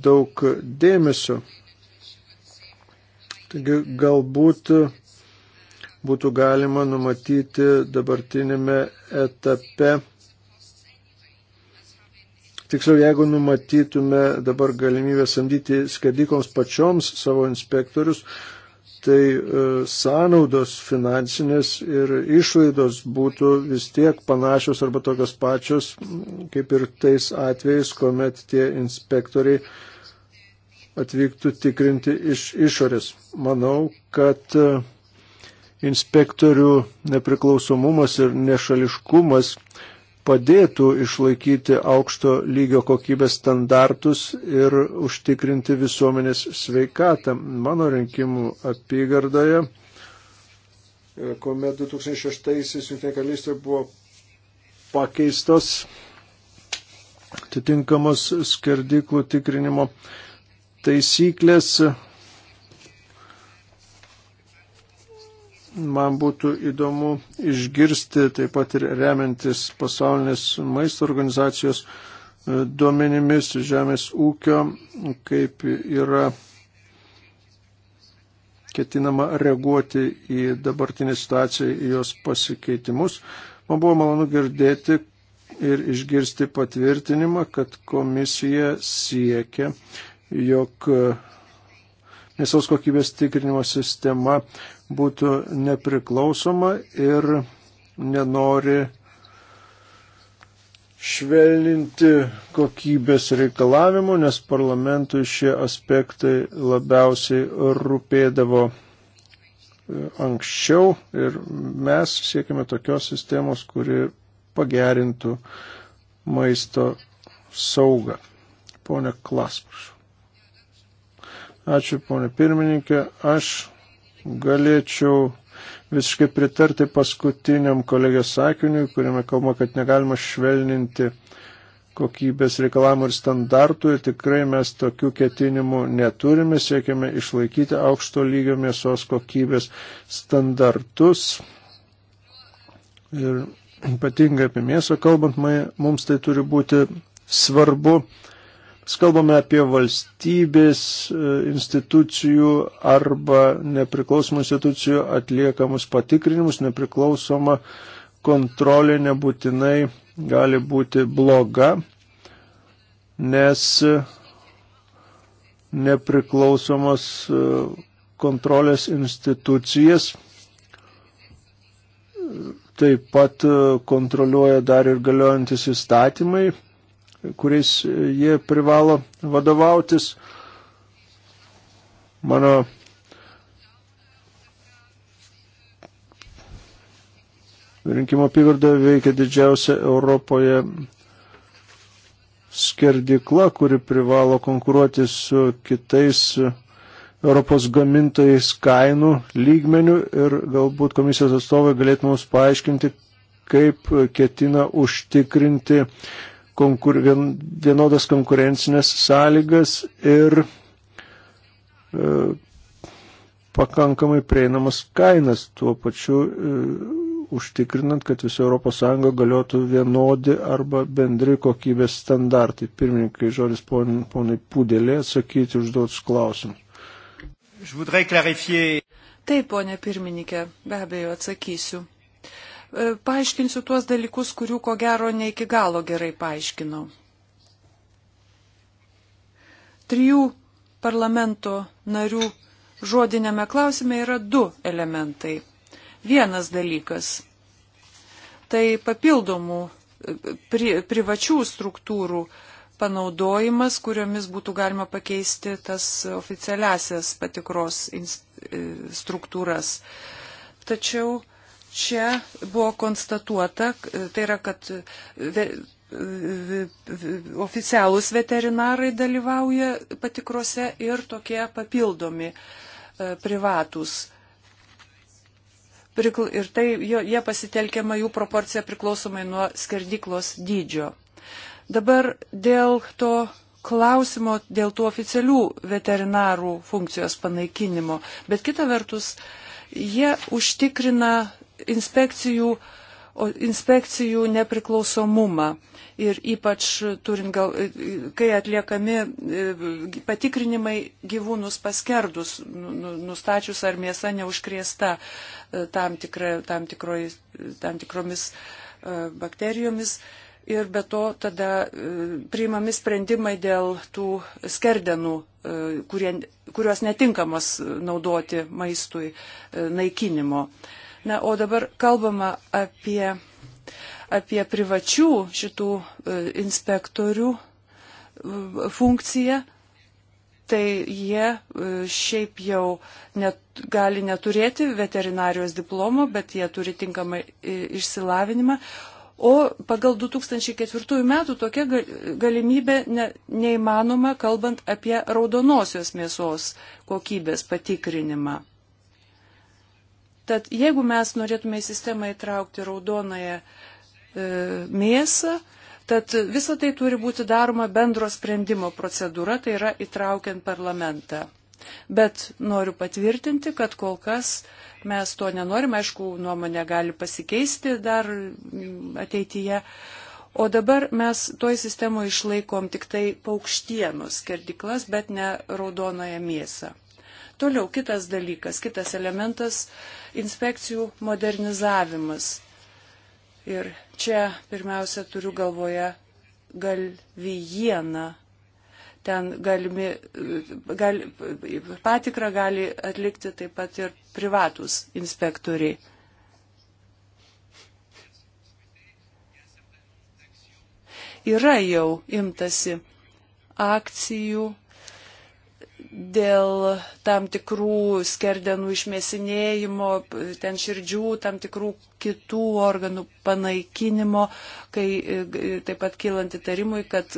daug dėmesio. Taigi galbūt būtų galima numatyti dabartinėme etape. Tiksliau, jeigu numatytume dabar galimybę samdyti skerdikoms pačioms savo inspektorius, tai e, sąnaudos finansinės ir išlaidos būtų vis tiek panašios arba tokios pačios, kaip ir tais atvejais, kuomet tie inspektoriai atvyktų tikrinti iš išorės. Manau, kad e, inspektorių nepriklausomumas ir nešališkumas padėtų išlaikyti aukšto lygio kokybės standartus ir užtikrinti visuomenės sveikatą. Mano rinkimų apygardoje, e, kuomet 2006-aisiais Junktinė karalystė buvo pakeistos atitinkamos skerdiklų tikrinimo taisyklės, man būtų įdomu išgirsti taip pat ir remiantis pasaulinės maisto organizacijos e, duomenimis žemės ūkio, kaip yra ketinama reaguoti į dabartinį situaciją, į jos pasikeitimus. Man buvo malonu girdėti ir išgirsti patvirtinimą, kad komisija siekia, jog mėsos kokybės tikrinimo sistema būtų nepriklausoma ir nenori švelninti kokybės reikalavimų, nes parlamentui šie aspektai labiausiai rūpėdavo e, anksčiau ir mes siekime tokios sistemos, kuri pagerintų maisto saugą. Pone Klas, prašau. Ačiū, ponė pirmininkė. Aš galėčiau visiškai pritarti paskutiniam kolegės sakiniui, kuriame kalba, kad negalima švelninti kokybės reikalavimų ir standartų ir tikrai mes tokių ketinimų neturime, siekiame išlaikyti aukšto lygio mėsos kokybės standartus. Ir ypatingai apie mėsą kalbant, mums tai turi būti svarbu. Mes kalbame apie valstybės e, institucijų arba nepriklausomų institucijų atliekamus patikrinimus, nepriklausoma kontrolė nebūtinai gali būti bloga, nes e, nepriklausomos e, kontrolės institucijas taip pat kontroliuoja dar ir galiojantis įstatymai kuriais e, jie privalo vadovautis. Mano rinkimo apygarda veikia didžiausia Europoje skerdikla, kuri privalo konkuruoti su kitais Europos gamintojais kainų lygmenių ir galbūt komisijos atstovai galėtų mums paaiškinti, kaip ketina užtikrinti konkur, vien, vienodas konkurencinės sąlygas ir e, pakankamai prieinamas kainas, tuo pačiu e, užtikrinant, kad viso ES galiotų vienodi arba bendri kokybės standartai. Pirmininkai, žodis ponai, ponai Pūdėlė atsakyti užduotus klausimus. Taip, ponė pirmininkė, be abejo atsakysiu. E, paaiškinsiu tuos dalykus, kurių ko gero ne iki galo gerai paaiškinau. Trijų parlamento narių žodinėme klausime yra du elementai. Vienas dalykas - tai papildomų e, pri, privačių struktūrų panaudojimas, kuriomis būtų galima pakeisti tas oficialiasias patikros e, struktūras. Tačiau čia buvo konstatuota, tai yra, kad ve, oficialūs veterinarai dalyvauja patikrose ir tokie papildomi e, privatūs. Ir tai jie pasitelkiama jų proporcija priklausomai nuo skerdiklos dydžio. Dabar dėl to klausimo, dėl tų oficialių veterinarų funkcijos panaikinimo. Bet kita vertus, jie užtikrina inspekcijų, inspekcijų nepriklausomumą ir ypač turint gal, kai atliekami e, patikrinimai gyvūnus paskerdus, nu, nu, nustačius ar mėsa neužkrėsta e, tam, tikra, tam, tikroj, tam tikromis e, bakterijomis. Ir be to tada priimami sprendimai dėl tų skerdenų, kurie, kurios netinkamos naudoti maistui naikinimo. Uh, Na, o dabar kalbama apie, apie privačių šitų e, inspektorių e, funkciją, tai jie e, šiaip jau net, gali neturėti veterinarijos diplomo, bet jie turi tinkamą išsilavinimą. O pagal 2004 metų tokia galimybė ne, neįmanoma, kalbant apie raudonosios mėsos kokybės patikrinimą. Tad jeigu mes norėtume į sistemą įtraukti raudonąją e, mėsą, tad visa tai turi būti daroma bendro sprendimo procedūra, tai yra įtraukiant parlamentą. Bet noriu patvirtinti, kad kol kas mes to nenorime, aišku, nuomonė gali pasikeisti dar mm, ateityje. O dabar mes toj sistemoje išlaikom tik tai paukštienos skerdiklas, bet ne raudonąją mėsą. Toliau kitas dalykas, kitas elementas - inspekcijų modernizavimas. Ir čia pirmiausia turiu galvoje galvijieną. Ten galimi, gal, patikrą gali atlikti taip pat ir privatus inspektoriai. Yra jau imtasi akcijų dėl tam tikrų skerdenų išmėsinėjimo, ten širdžių, tam tikrų kitų organų panaikinimo, kai e, taip pat kylant įtarimui, kad,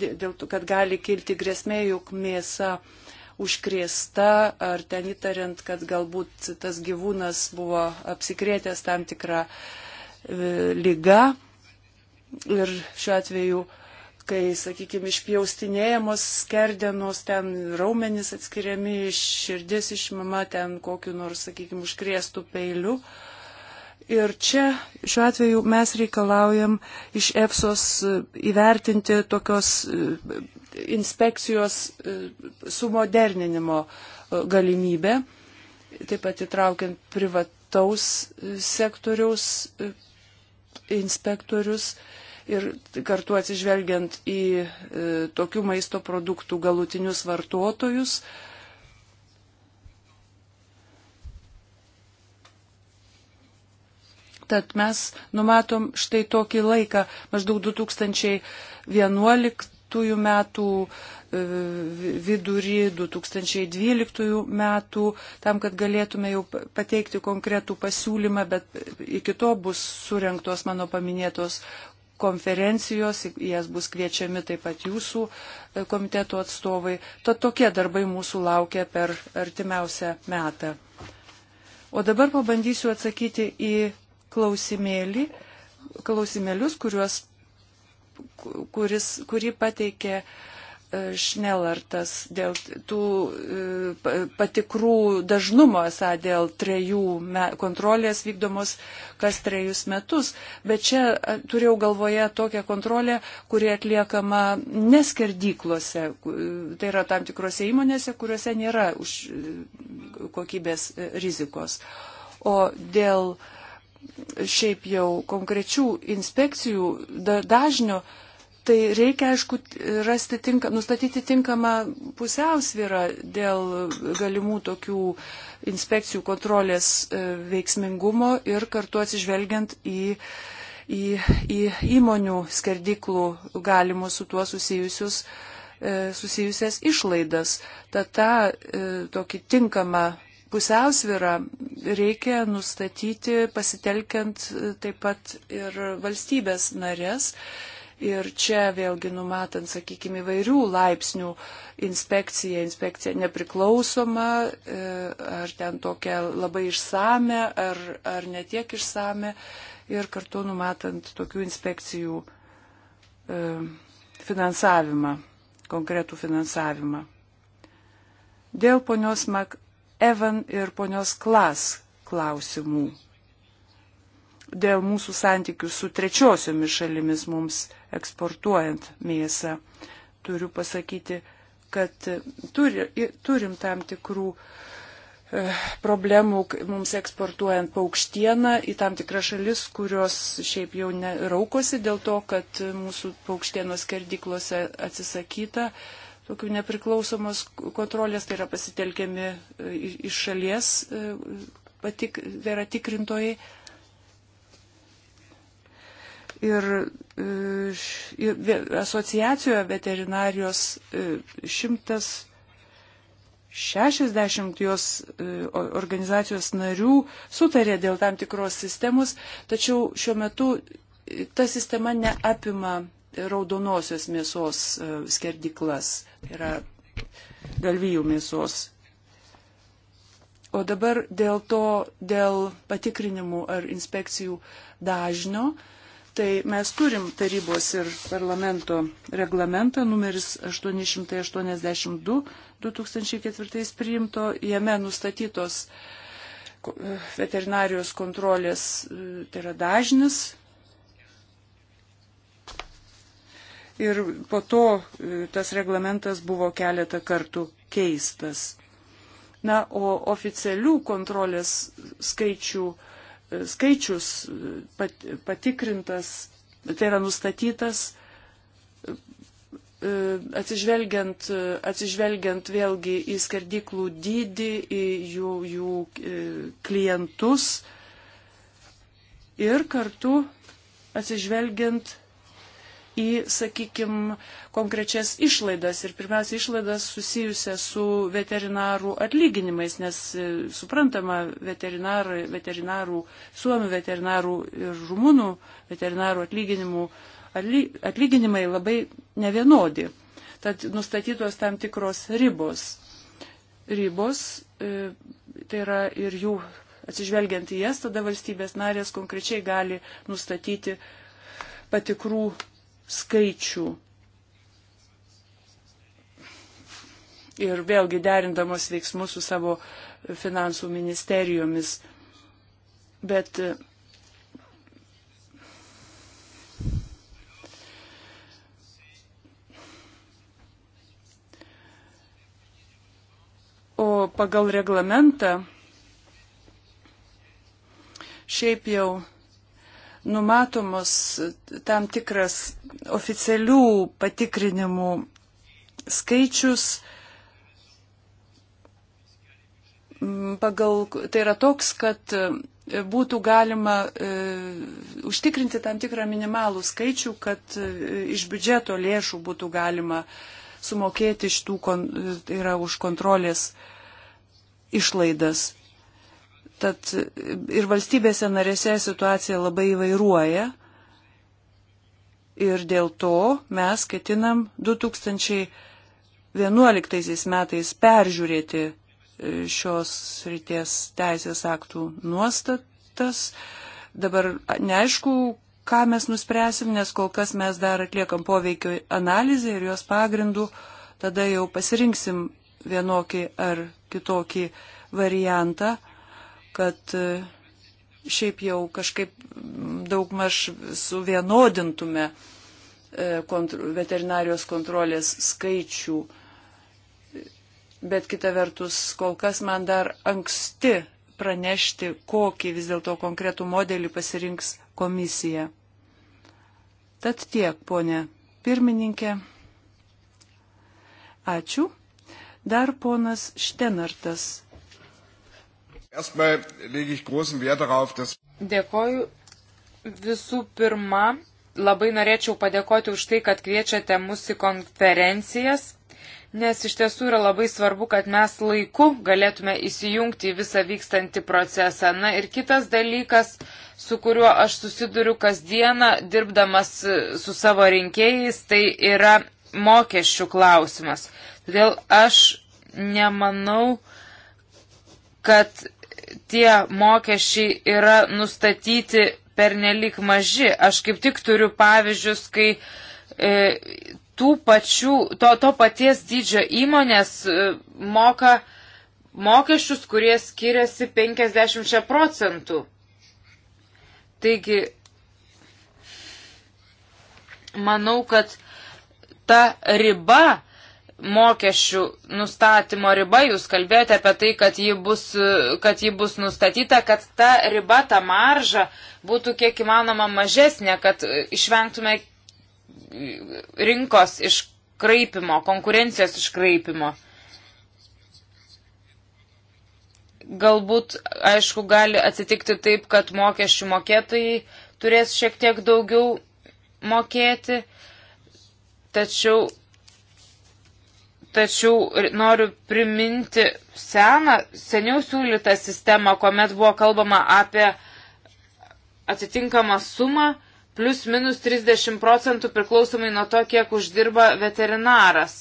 dėl, kad gali kilti grėsmė, jog mėsa užkrėsta, ar ten įtariant, kad galbūt tas gyvūnas buvo apsikrėtęs tam tikrą e, lygą. Ir šiuo atveju uh, kai, sakykime, išpjaustinėjamos skerdenos, ten raumenys atskiriami, širdis išmama ten kokiu nors, sakykime, užkrėstų peiliu. Ir čia šiuo atveju mes reikalaujam iš EFSOS e, įvertinti tokios e, inspekcijos e, sumoderninimo galimybę, taip pat įtraukiant privataus sektoriaus inspektorius ir kartu atsižvelgiant į e, tokių maisto produktų galutinius vartotojus. Tad mes numatom štai tokį laiką, maždaug 2011 2011 metų e, vidurį, 2012 metų, tam, kad galėtume jau pateikti konkretų pasiūlymą, bet iki to bus surinktos mano paminėtos konferencijos, į jas bus kviečiami taip pat jūsų e, komiteto atstovai. Tad tokie darbai mūsų laukia per artimiausią metą. O dabar pabandysiu atsakyti į klausimėlį, klausimėlius, kuriuos, kuris, kurį pateikė uh, Šnelartas dėl tų e, patikrų dažnumo, esą dėl trejų me, kontrolės vykdomos kas trejus metus. Bet čia turėjau galvoje tokią kontrolę, kuri atliekama neskerdyklose. E, tai yra tam tikrose įmonėse, kuriuose nėra už e, kokybės rizikos. O dėl šiaip jau konkrečių inspekcijų dažnio, da, Tai reikia, aišku, rasti tinka, nustatyti tinkamą pusiausvyrą dėl galimų tokių inspekcijų kontrolės e, veiksmingumo ir kartu atsižvelgiant į, į, į įmonių skerdiklų galimus su tuo susijusius e, susijusias išlaidas. Tad tą e, tokį tinkamą pusiausvyrą reikia nustatyti pasitelkiant taip pat ir valstybės narės Ir čia vėlgi numatant, sakykime, įvairių laipsnių inspekcija, inspekcija nepriklausoma, e, ar ten tokia labai išsame, ar, ar netiek išsame, ir kartu numatant tokių inspekcijų e, finansavimą, konkretų finansavimą. Dėl ponios Mak Evan ir ponios Klas klausimų dėl mūsų santykių su trečiosiomis šalimis mums eksportuojant mėsą. Turiu pasakyti, kad turi, turim tam tikrų e, problemų mums eksportuojant paukštieną į tam tikras šalis, kurios šiaip jau neraukosi dėl to, kad mūsų paukštienos skerdiklose atsisakyta tokių nepriklausomos kontrolės, tai yra pasitelkiami e, iš šalies e, patik, tai yra tikrintojai. Ir, e, ir asociacijoje veterinarijos 160 e, jos e, organizacijos narių sutarė dėl tam tikros sistemos, tačiau šiuo metu ta sistema neapima raudonosios mėsos skerdiklas, tai yra galvijų mėsos. O dabar dėl to, dėl patikrinimų ar inspekcijų dažnio, uh, Tai mes turim tarybos ir parlamento reglamentą numeris 882 2004 priimto, jame nustatytos veterinarijos kontrolės, e, tai yra dažnis. Ir po to e, tas reglamentas buvo keletą kartų keistas. Na, o oficialių kontrolės skaičių uh, skaičius pat, patikrintas, tai yra nustatytas e, atsižvelgiant, atsižvelgiant vėlgi į skerdiklų dydį, į jų, jų e, klientus ir kartu atsižvelgiant į, sakykime, konkrečias išlaidas ir pirmiausia išlaidas susijusias su veterinarų atlyginimais, nes e, suprantama, veterinarų, veterinarų suomių veterinarų ir rumunų veterinarų atlyginimų atlyginimai labai nevienodi. Tad nustatytos tam tikros ribos. Ribos, e, tai yra ir jų atsižvelgiant į jas, tada valstybės narės konkrečiai gali nustatyti patikrų skaičių. Ir vėlgi derindamos veiksmus su savo finansų ministerijomis. Bet O pagal reglamentą šiaip jau numatomos tam tikras oficialių patikrinimų skaičius, mm, pagal, tai yra toks, kad e, būtų galima e, užtikrinti tam tikrą minimalų skaičių, kad e, iš biudžeto lėšų būtų galima sumokėti šitų, kon, e, tai yra už kontrolės išlaidas. Tad ir valstybėse narėse situacija labai įvairuoja. Ir dėl to mes ketinam 2011 metais peržiūrėti e, šios ryties teisės aktų nuostatas. Dabar neaišku, ką mes nuspręsim, nes kol kas mes dar atliekam poveikio analizę ir jos pagrindų, tada jau pasirinksim vienokį ar kitokį variantą kad e, šiaip jau kažkaip daugmaž suvienodintume e, kontro, veterinarijos kontrolės skaičių. Bet kita vertus, kol kas man dar anksti pranešti, kokį vis dėlto konkretų modelį pasirinks komisija. Tad tiek, ponė pirmininkė. Ačiū. Dar ponas Štenartas Dėkoju visų pirma. Labai norėčiau padėkoti už tai, kad kviečiate mus į konferencijas, nes iš tiesų yra labai svarbu, kad mes laiku galėtume įsijungti į visą vykstantį procesą. Na ir kitas dalykas, su kuriuo aš susiduriu kasdieną, dirbdamas su savo rinkėjais, tai yra mokesčių klausimas. Todėl aš nemanau, kad tie mokesčiai yra nustatyti pernelik maži. Aš kaip tik turiu pavyzdžius, kai e, tų pačių, to, to paties dydžio įmonės e, moka mokesčius, kurie skiriasi 50 procentų. Taigi, manau, kad ta riba mokesčių nustatymo riba, jūs kalbėjote apie tai, kad ji bus, kad ji bus nustatyta, kad ta riba, ta marža būtų kiek įmanoma mažesnė, kad išvengtume rinkos iškraipimo, konkurencijos iškraipimo. Galbūt, aišku, gali atsitikti taip, kad mokesčių mokėtojai turės šiek tiek daugiau mokėti, tačiau Tačiau noriu priminti seną, seniau siūlytą sistemą, kuomet buvo kalbama apie atitinkamą sumą plus minus 30 procentų priklausomai nuo to, kiek uždirba veterinaras.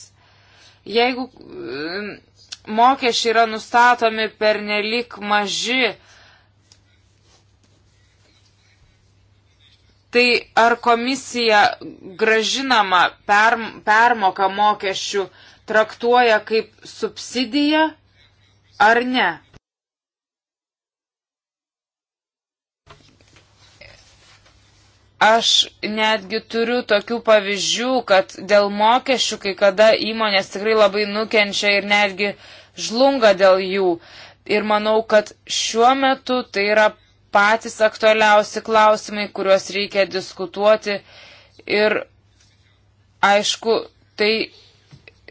Jeigu mokesčiai yra nustatomi per nelik maži, tai ar komisija gražinama per, permoka mokesčių traktuoja kaip subsidiją ar ne. Aš netgi turiu tokių pavyzdžių, kad dėl mokesčių kai kada įmonės tikrai labai nukenčia ir netgi žlunga dėl jų. Ir manau, kad šiuo metu tai yra patys aktualiausi klausimai, kuriuos reikia diskutuoti. Ir aišku, tai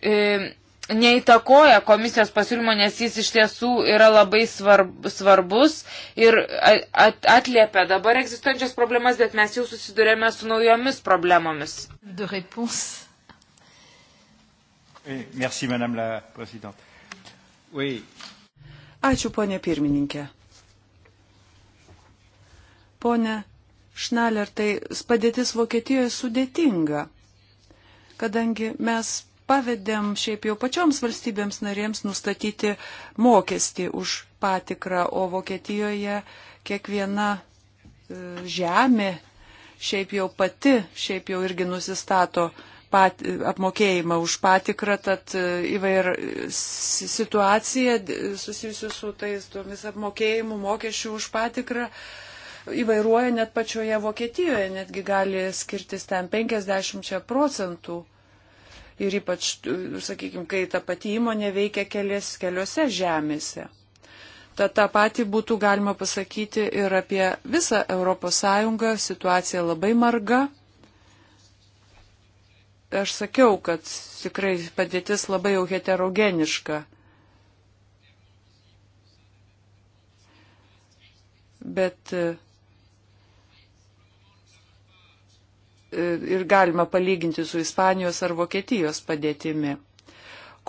E, neįtakoja komisijos pasiūlymo, nes jis iš tiesų yra labai svarb, svarbus ir at, atliepia dabar egzistuojančias problemas, bet mes jau susidurėme su naujomis problemomis. Merci, madame la présidente. Oui. Ačiū, ponė pirmininkė. Pone Šnaler, tai padėtis Vokietijoje sudėtinga, kadangi mes pavedėm šiaip jau pačioms valstybėms narėms nustatyti mokestį už patikrą, o Vokietijoje kiekviena e, žemė šiaip jau pati, šiaip jau irgi nusistato pat, e, apmokėjimą už patikrą, tad e, įvair situacija susijusi su tais tomis apmokėjimų mokesčių už patikrą įvairuoja net pačioje Vokietijoje, netgi gali skirtis ten 50 procentų ir ypač, sakykime, kai ta pati įmonė veikia kelias, keliose žemėse. Tad tą patį būtų galima pasakyti ir apie visą ES, situacija labai marga. Aš sakiau, kad tikrai padėtis labai jau heterogeniška. Bet ir galima palyginti su Ispanijos ar Vokietijos padėtimi.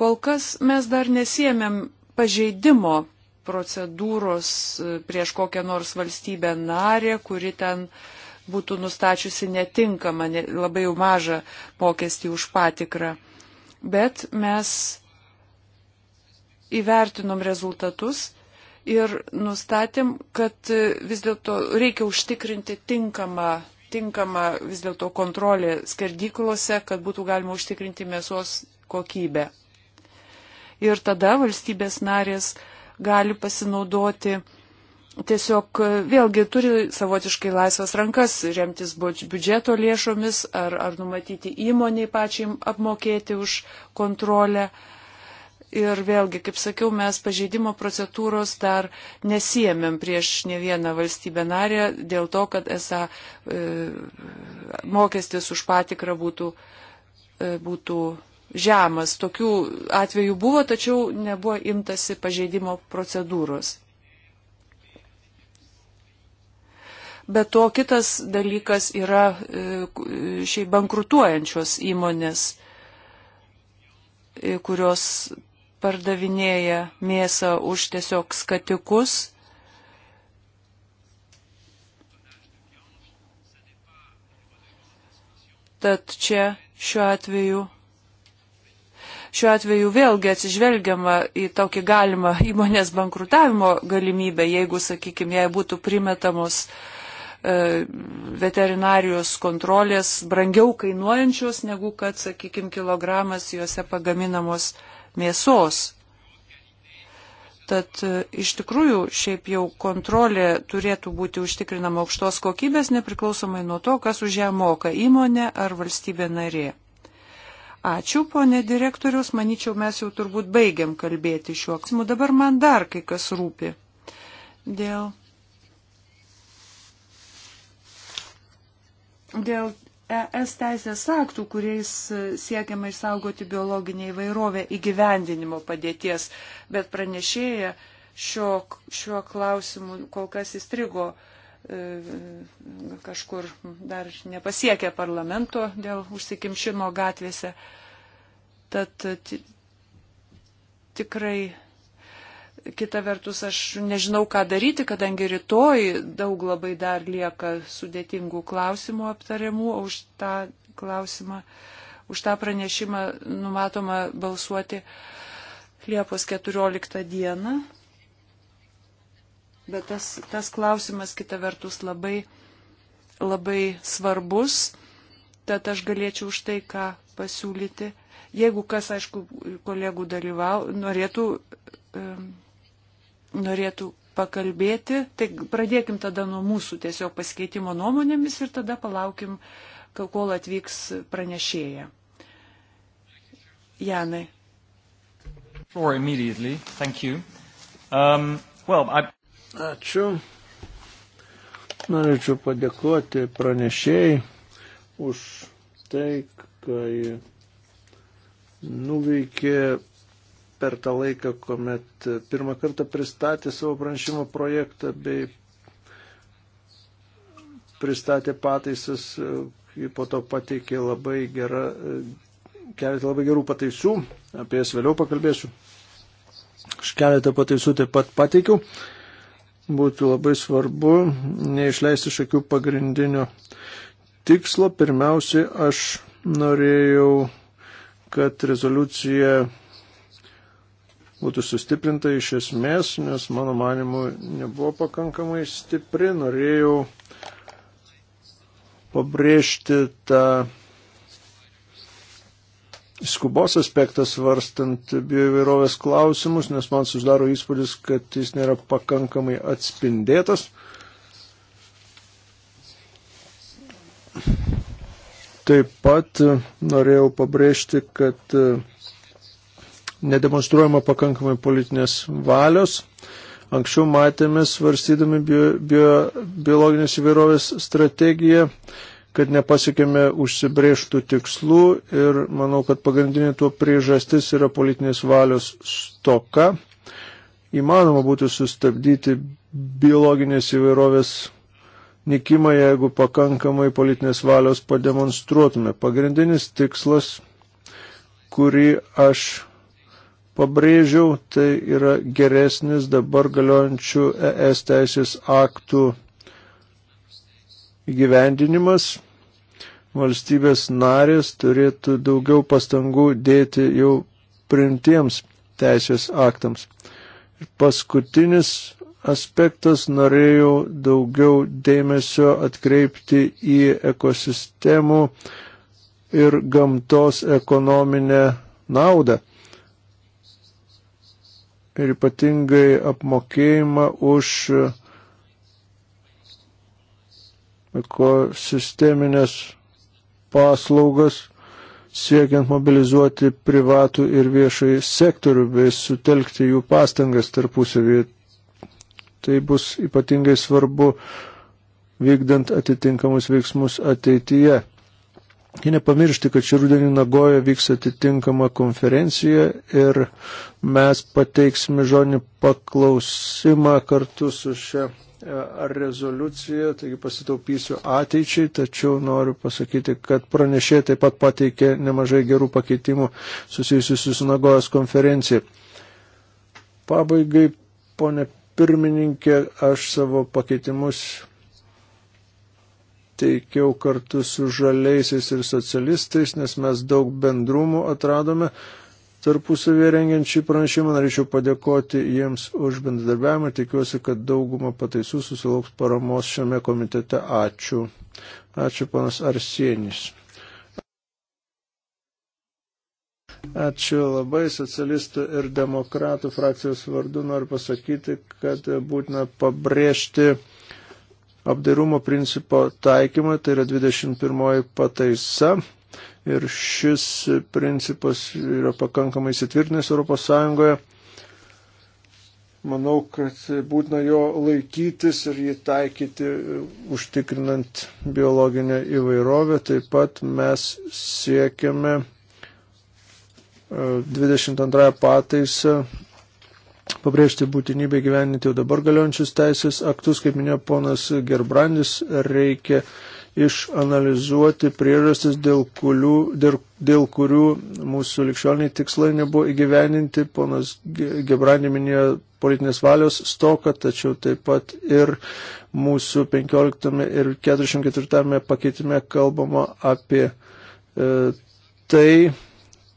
Kol kas mes dar nesiemėm pažeidimo procedūros e, prieš kokią nors valstybę narę, kuri ten būtų nustačiusi netinkamą, labai jau mažą mokestį už patikrą. Bet mes įvertinom rezultatus ir nustatėm, kad e, vis dėlto reikia užtikrinti tinkamą tinkama vis dėlto kontrolė skerdyklose, kad būtų galima užtikrinti mėsos kokybę. Ir tada valstybės narės gali pasinaudoti tiesiog vėlgi turi savotiškai laisvas rankas remtis biudžeto lėšomis ar, ar numatyti įmoniai pačiai apmokėti už kontrolę. Uh, Ir vėlgi, kaip sakiau, mes pažeidimo procedūros dar nesijėmėm prieš ne vieną valstybę narę dėl to, kad esą e, mokestis už patikrą būtų, e, būtų žemas. Tokių atvejų buvo, tačiau nebuvo imtasi pažeidimo procedūros. Bet to kitas dalykas yra e, šiai bankrutuojančios įmonės e, kurios pardavinėja mėsą už tiesiog skatikus. Tad čia šiuo atveju šiuo atveju vėlgi atsižvelgiama į tokį galimą įmonės bankrutavimo galimybę, jeigu, sakykime, jai būtų primetamos e, veterinarijos kontrolės brangiau kainuojančios, negu kad, sakykime, kilogramas juose pagaminamos mėsos. Tad e, iš tikrųjų šiaip jau kontrolė turėtų būti užtikrinama aukštos kokybės nepriklausomai nuo to, kas už ją moka įmonė ar valstybė narė. Ačiū, ponė direktorius, manyčiau, mes jau turbūt baigiam kalbėti šiuo klausimu. Dabar man dar kai kas rūpi. Dėl, dėl ES teisės aktų, kuriais e, siekiama išsaugoti biologinę įvairovę įgyvendinimo padėties, bet pranešėja šio, šiuo klausimu kol kas įstrigo e, kažkur dar nepasiekė parlamento dėl užsikimšimo gatvėse. Tad e, tikrai kita vertus aš nežinau, ką daryti, kadangi rytoj daug labai dar lieka sudėtingų klausimų aptariamų, o už tą klausimą, už tą pranešimą numatoma balsuoti Liepos 14 dieną. Bet tas, tas klausimas kita vertus labai, labai svarbus, tad aš galėčiau už tai, ką pasiūlyti jeigu kas, aišku, kolegų dalyvau, norėtų um, norėtų pakalbėti, tai pradėkim tada nuo mūsų tiesiog pasikeitimo nuomonėmis ir tada palaukim, kol atvyks pranešėja. Janai. Um, well, I... Ačiū. Norėčiau padėkoti pranešėjai už tai, kai nuveikė per tą laiką, kuomet pirmą kartą pristatė savo pranešimo projektą bei pristatė pataisas, po to pateikė labai gerą, keletą labai gerų pataisų, apie jas vėliau pakalbėsiu. Aš keletą pataisų taip pat pateikiau. Būtų labai svarbu neišleisti iš akių pagrindinio tikslo. Pirmiausiai aš norėjau, kad rezoliucija būtų sustiprinta iš esmės, nes mano manimu nebuvo pakankamai stipri. Norėjau pabrėžti tą skubos aspektas varstant bioįvairovės klausimus, nes man susidaro įspūdis, kad jis nėra pakankamai atspindėtas. Taip pat norėjau pabrėžti, kad nedemonstruojama pakankamai politinės valios. Anksčiau matėme, svarstydami bio, bio, biologinės įvairovės strategiją, kad nepasiekėme užsibrėžtų tikslų ir manau, kad pagrindinė tuo priežastis yra politinės valios stoka. Įmanoma būtų sustabdyti biologinės įvairovės nikimą, jeigu pakankamai politinės valios pademonstruotume. Pagrindinis tikslas, kurį aš pabrėžiau, tai yra geresnis dabar galiojančių ES teisės aktų įgyvendinimas. Valstybės narės turėtų daugiau pastangų dėti jau primtiems teisės aktams. Ir paskutinis aspektas norėjau daugiau dėmesio atkreipti į ekosistemų ir gamtos ekonominę naudą ir ypatingai apmokėjimą už e, ekosisteminės paslaugas, siekiant mobilizuoti privatų ir viešai sektorių bei sutelkti jų pastangas tarpusavyje. Tai bus ypatingai svarbu vykdant atitinkamus veiksmus ateityje. Ir nepamiršti, kad šį rudenį Nagoje vyks atitinkama konferencija ir mes pateiksime žodinį paklausimą kartu su šia e, ar rezoliucija, taigi pasitaupysiu ateičiai, tačiau noriu pasakyti, kad pranešė taip pat pateikė nemažai gerų pakeitimų susijusių su sinagojos konferencija. Pabaigai, ponė pirmininkė, aš savo pakeitimus teikiau kartu su žaliaisiais ir socialistais, nes mes daug bendrumų atradome tarpusavėje rengiant šį pranešimą. Norėčiau padėkoti jiems už bendradarbiavimą ir tikiuosi, kad dauguma pataisų susilauks paramos šiame komitete. Ačiū. Ačiū, panas Arsienis. Ačiū labai socialistų ir demokratų frakcijos vardu. Noriu pasakyti, kad būtina pabrėžti apdairumo principo taikymui, tai yra 21 pataisa. Ir šis principas yra pakankamai įsitvirtinęs ES. Manau, kad būtina jo laikytis ir jį taikyti, užtikrinant biologinę įvairovę. Taip pat mes siekiame 22 e, pataisą pabrėžti būtinybę gyveninti jau dabar galiojančius teisės aktus, kaip minėjo ponas Gerbrandis, reikia išanalizuoti priežastis, dėl, kulių, dėl, dėl kurių mūsų likščioniai tikslai nebuvo įgyveninti. Ponas Gebrandė minėjo politinės valios stoką, tačiau taip pat ir mūsų 15 ir 44 pakeitime kalbama apie e, tai,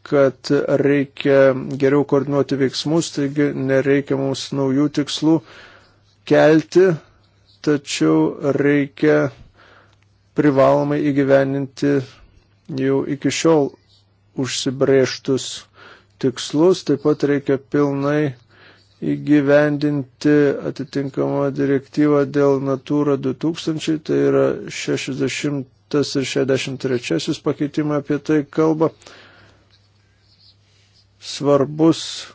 kad reikia geriau koordinuoti veiksmus, taigi nereikia mums naujų tikslų kelti, tačiau reikia privalomai įgyveninti jau iki šiol užsibrėžtus tikslus, taip pat reikia pilnai įgyvendinti atitinkamą direktyvą dėl Natūra 2000, tai yra 60 ir 63 pakeitimai apie tai kalba svarbus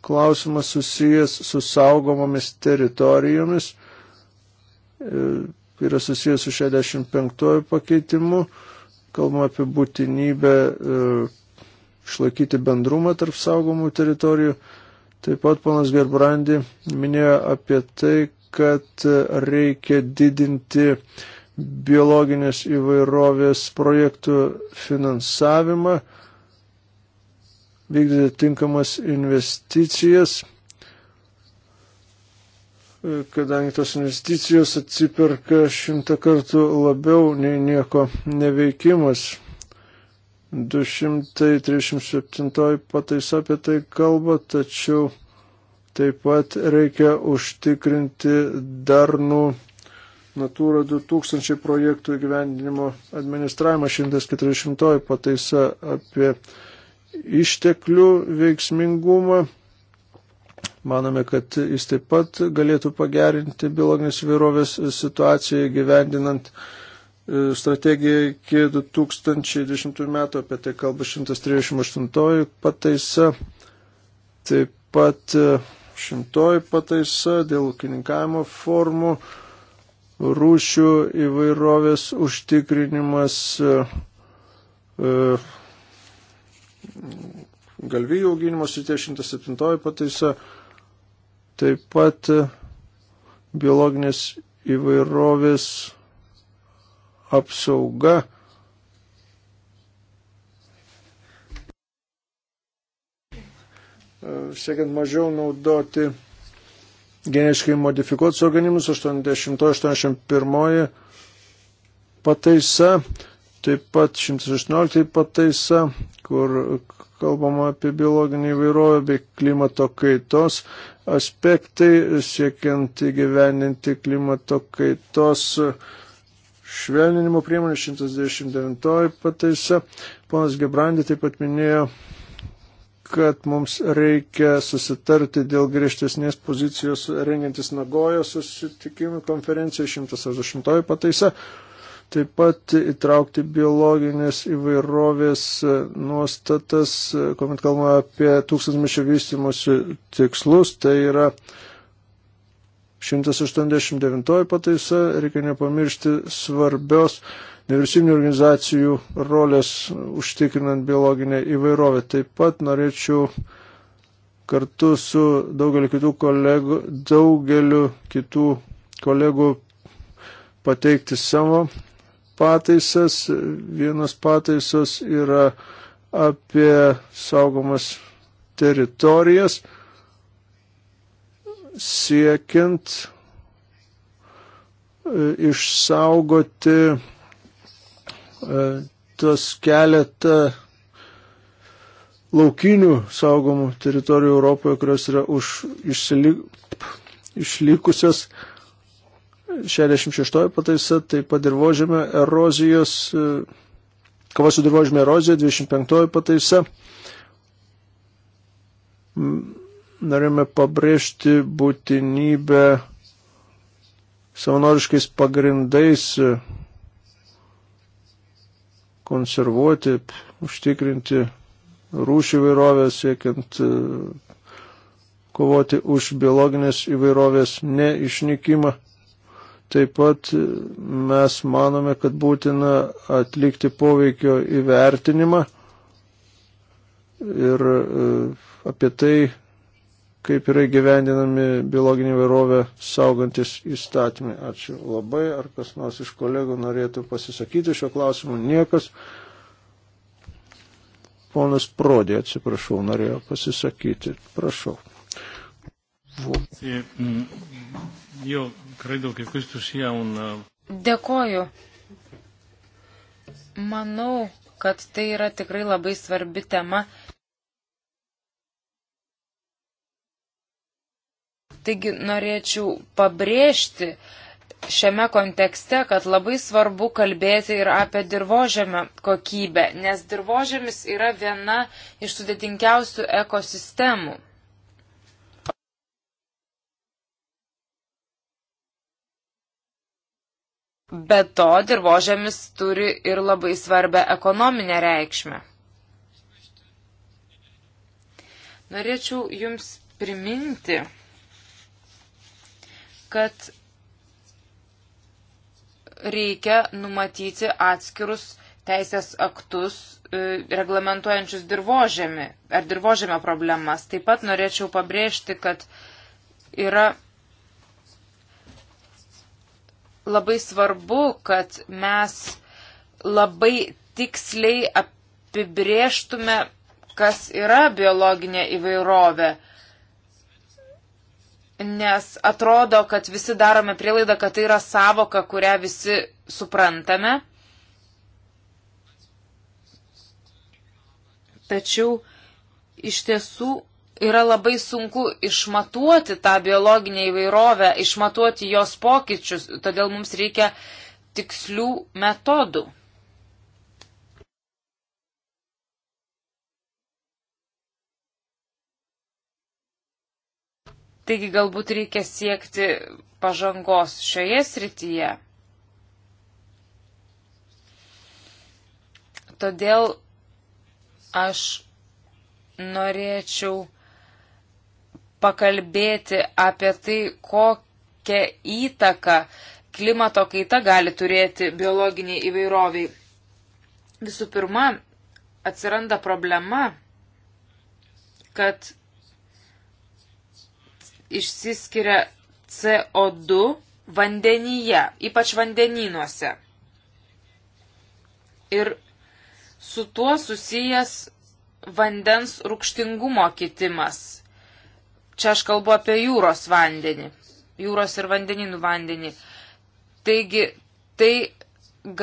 klausimas susijęs su saugomomis teritorijomis, e, yra susijęs su 65 pakeitimu, kalbama apie būtinybę e, išlaikyti bendrumą tarp saugomų teritorijų. Taip pat ponas Gerbrandi minėjo apie tai, kad reikia didinti biologinės įvairovės projektų finansavimą vykdyti tinkamas investicijas, e, kadangi tos investicijos atsiperka šimtą kartų labiau nei nieko neveikimas. 237 pataisa apie tai kalba, tačiau taip pat reikia užtikrinti darnų Natūra 2000 projektų įgyvendinimo administravimą 140 pataisa apie išteklių veiksmingumą. Manome, kad jis taip pat galėtų pagerinti biologinės vyrovės situaciją gyvendinant e, strategiją iki 2020 metų, apie tai kalba 138 pataisa, taip pat 100 e, pataisa dėl ūkininkavimo formų, rūšių įvairovės užtikrinimas e, galvijų auginimo srityje 107 pataisa, taip pat e, biologinės įvairovės apsauga. E, siekiant mažiau naudoti geniškai modifikuotus organizmus, 80-81 pataisa, taip pat 118 pataisa, kur kalbama apie biologinį įvairovę bei klimato kaitos aspektai, siekiant įgyveninti klimato kaitos švelninimo priemonė 129 pataisa. Ponas Gebrandi taip pat minėjo, kad mums reikia susitarti dėl griežtesnės pozicijos rengiantis Nagojo susitikimų konferencija 180 pataisa taip pat įtraukti biologinės įvairovės nuostatas, kuomet kalbame apie tūkstantmečio vystimosi tikslus, tai yra 189 pataisa, reikia nepamiršti svarbios nevyriausybinio organizacijų rolės užtikrinant biologinę įvairovę. Taip pat norėčiau kartu su daugeliu kitų kolegų, daugeliu kitų kolegų pateikti savo pataisas. Vienos pataisos yra apie saugomas teritorijas siekiant e, išsaugoti e, tos keletą laukinių saugomų teritorijų Europoje, kurios yra už išsilik, išlikusios 66 pataisa, taip pat dirbožėme erozijos, e, kova su dirbožėme erozija, 25 pataisa. Norime pabrėžti būtinybę savanoriškais pagrindais e, konservuoti, užtikrinti rūšių įvairovę, siekiant e, kovoti už biologinės įvairovės neišnykimą. Taip pat mes manome, kad būtina atlikti poveikio įvertinimą ir e, apie tai, kaip yra gyvendinami biologinį vairovę saugantis įstatymai. Ačiū labai. Ar kas nors iš kolegų norėtų pasisakyti šio klausimu? Niekas. Ponas Prodė, atsiprašau, norėjo pasisakyti. Prašau. Mm, uh, Dėkoju. Manau, kad tai yra tikrai labai svarbi tema. Taigi norėčiau pabrėžti šiame kontekste, kad labai svarbu kalbėti ir apie dirbožėmio kokybę, nes dirbožėmis yra viena iš sudėtingiausių ekosistemų. Be to, dirbožėmis turi ir labai svarbę ekonominę reikšmę. Norėčiau Jums priminti, kad reikia numatyti atskirus teisės aktus e, reglamentuojančius dirbožėmį ar dirbožėmio problemas. Taip pat norėčiau pabrėžti, kad yra labai svarbu, kad mes labai tiksliai apibrėžtume, kas yra biologinė įvairovė. Nes atrodo, kad visi darome prielaidą, kad tai yra savoka, kurią visi suprantame. Tačiau iš tiesų yra labai sunku išmatuoti tą biologinę įvairovę, išmatuoti jos pokyčius, todėl mums reikia tikslių metodų. Taigi galbūt reikia siekti pažangos šioje srityje. Todėl aš norėčiau pakalbėti apie tai, kokią įtaką klimato kaita gali turėti biologiniai įvairoviai. Visų pirma, atsiranda problema, kad išsiskiria CO2 vandenyje, ypač vandenynuose. Ir su tuo susijęs vandens rūkštingumo kitimas. Čia aš kalbu apie jūros vandenį, jūros ir vandeninų vandenį. Taigi, tai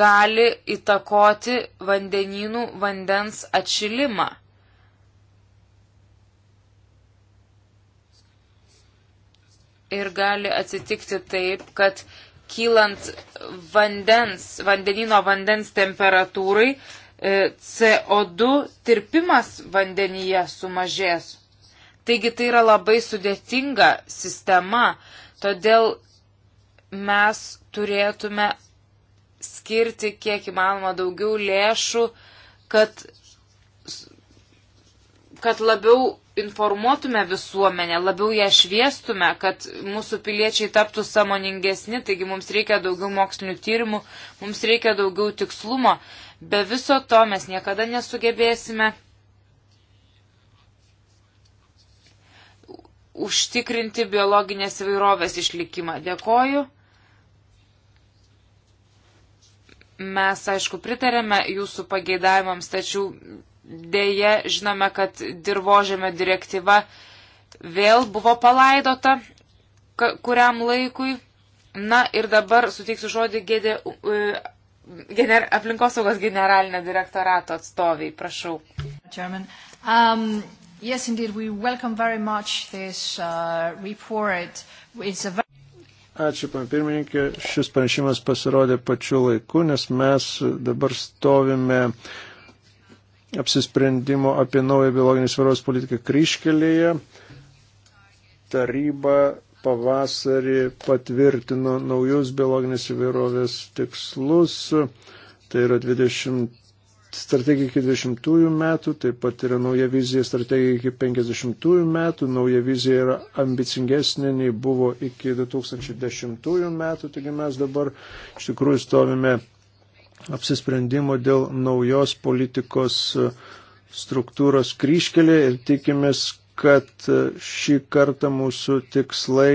gali įtakoti vandeninų vandens atšilimą. Ir gali atsitikti taip, kad kylant vandens, vandenino vandens temperatūrai, e, CO2 tirpimas vandenyje sumažės. Taigi tai yra labai sudėtinga sistema, todėl mes turėtume skirti kiek įmanoma daugiau lėšų, kad, kad labiau informuotume visuomenę, labiau ją šviestume, kad mūsų piliečiai taptų samoningesni, taigi mums reikia daugiau mokslinių tyrimų, mums reikia daugiau tikslumo. Be viso to mes niekada nesugebėsime užtikrinti biologinės įvairovės išlikimą. Dėkoju. Mes, aišku, pritarėme jūsų pageidavimams, tačiau dėje žinome, kad dirbožėme direktyva vėl buvo palaidota kuriam laikui. Na ir dabar suteiksiu žodį gėdė, e, gener, aplinkosaugos generalinio direktorato atstoviai, prašau. German. Um, Yes, indeed, we welcome very much this uh, report. It's a very Ačiū, pan pirmininkė. Šis pranešimas pasirodė pačiu laiku, nes mes dabar stovime apsisprendimo apie naują biologinį svaros politiką kryškelėje. Taryba pavasarį patvirtino naujus biologinės įvairovės tikslus. Tai yra 20 strategija iki 20 metų, taip pat yra nauja vizija strategija iki 50 metų, nauja vizija yra ambicingesnė nei buvo iki 2010 metų, taigi mes dabar iš tikrųjų stovime apsisprendimo dėl naujos politikos e, struktūros kryškelė ir tikimės, kad e, šį kartą mūsų tikslai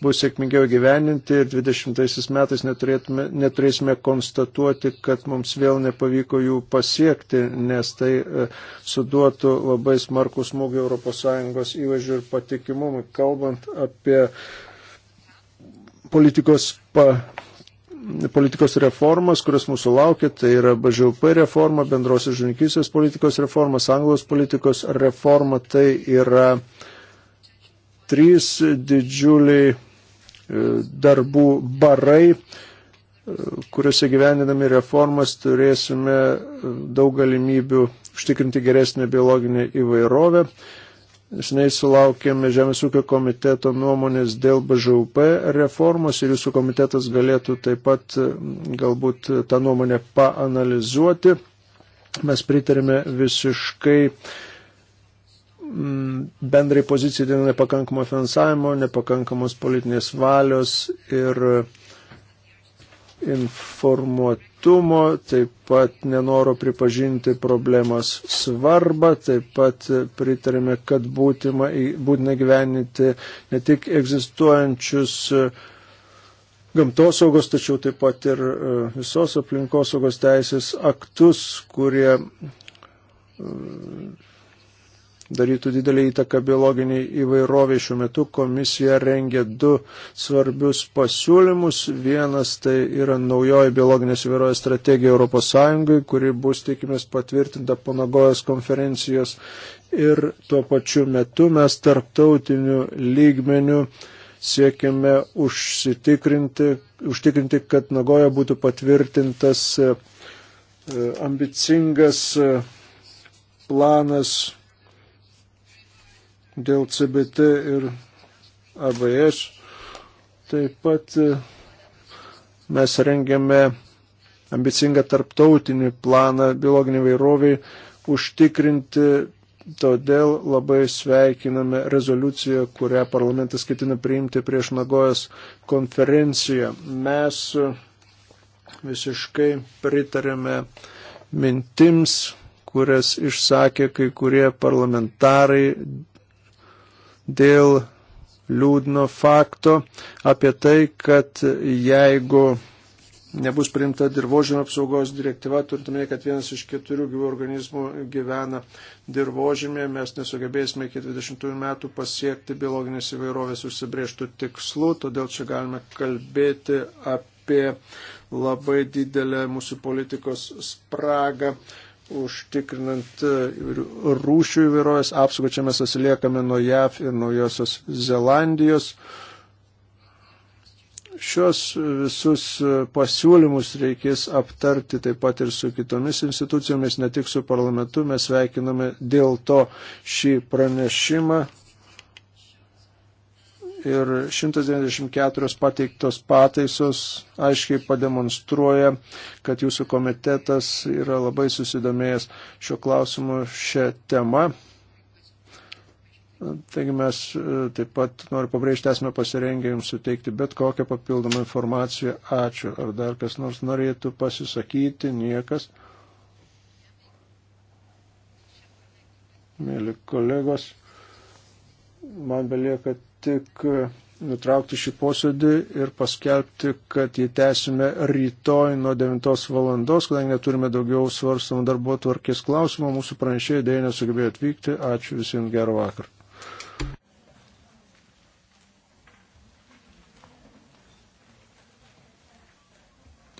bus sėkmingiau gyveninti ir 20 metais neturėsime konstatuoti, kad mums vėl nepavyko jų pasiekti, nes tai e, suduotų labai smarkų smūgį ES įvažiu ir patikimumui. Kalbant apie politikos pa, politikos reformas, kurias mūsų laukia, tai yra BŽUP reforma, bendrosios žininkysės politikos reforma, anglos politikos reforma, tai yra trys didžiuliai darbų barai, kuriuose gyvendinami reformas turėsime daug galimybių užtikrinti geresnę biologinę įvairovę. Nesiniai sulaukėme Žemės ūkio komiteto nuomonės dėl BŽUP reformos ir jūsų komitetas galėtų taip pat galbūt tą nuomonę paanalizuoti. Mes pritarėme visiškai uh, Mm, bendrai pozicijai dėl nepakankamo finansavimo, nepakankamos politinės valios ir informuotumo, taip pat nenoro pripažinti problemos svarbą, taip pat pritarėme, kad būtima, būtina gyveninti ne tik egzistuojančius e, gamtosaugos, tačiau taip pat ir e, visos aplinkosaugos teisės aktus, kurie e, darytų didelį įtaką biologiniai įvairoviai. Šiuo metu komisija rengia du svarbius pasiūlymus. Vienas tai yra naujoji biologinės įvairovės strategija ES, kuri bus tikimės patvirtinta Panagojos konferencijos. Ir tuo pačiu metu mes tarptautiniu lygmeniu siekime užsitikrinti, užtikrinti, kad Nagoja būtų patvirtintas e, ambicingas e, planas dėl CBT ir ABS. Taip pat e, mes rengiame ambicingą tarptautinį planą biologinį vairoviai užtikrinti, todėl labai sveikiname rezoliuciją, kurią parlamentas ketina priimti prieš Nagojas konferenciją. Mes e, visiškai pritarėme mintims, kurias išsakė kai kurie parlamentarai dėl liūdno fakto apie tai, kad jeigu nebus priimta dirbožėmio apsaugos direktyva, turintumė, kad vienas iš keturių gyvų organizmų gyvena dirbožėmė, mes nesugebėsime iki 20 metų pasiekti biologinės įvairovės užsibrieštų tikslų, todėl čia galime kalbėti apie labai didelę mūsų politikos spragą užtikrinant e, rūšių įvairovės apsaugą. Čia mes atsiliekame nuo JAV ir naujosios Zelandijos. Šios visus e, pasiūlymus reikės aptarti taip pat ir su kitomis institucijomis, ne tik su parlamentu. Mes veikiname dėl to šį pranešimą ir 194 pateiktos pataisos aiškiai pademonstruoja, kad jūsų komitetas yra labai susidomėjęs šiuo klausimu šią temą. Taigi mes e, taip pat noriu pabrėžti, esame pasirengę Jums suteikti bet kokią papildomą informaciją. Ačiū. Ar dar kas nors norėtų pasisakyti? Niekas. Mėly kolegos man belieka tik e, nutraukti šį posėdį ir paskelbti, kad jį tęsime rytoj nuo 9 valandos, kadangi neturime daugiau svarstamų darbo tvarkės klausimų, mūsų pranešėjai dėja nesugebėjo atvykti. Ačiū visiems gerą vakarą.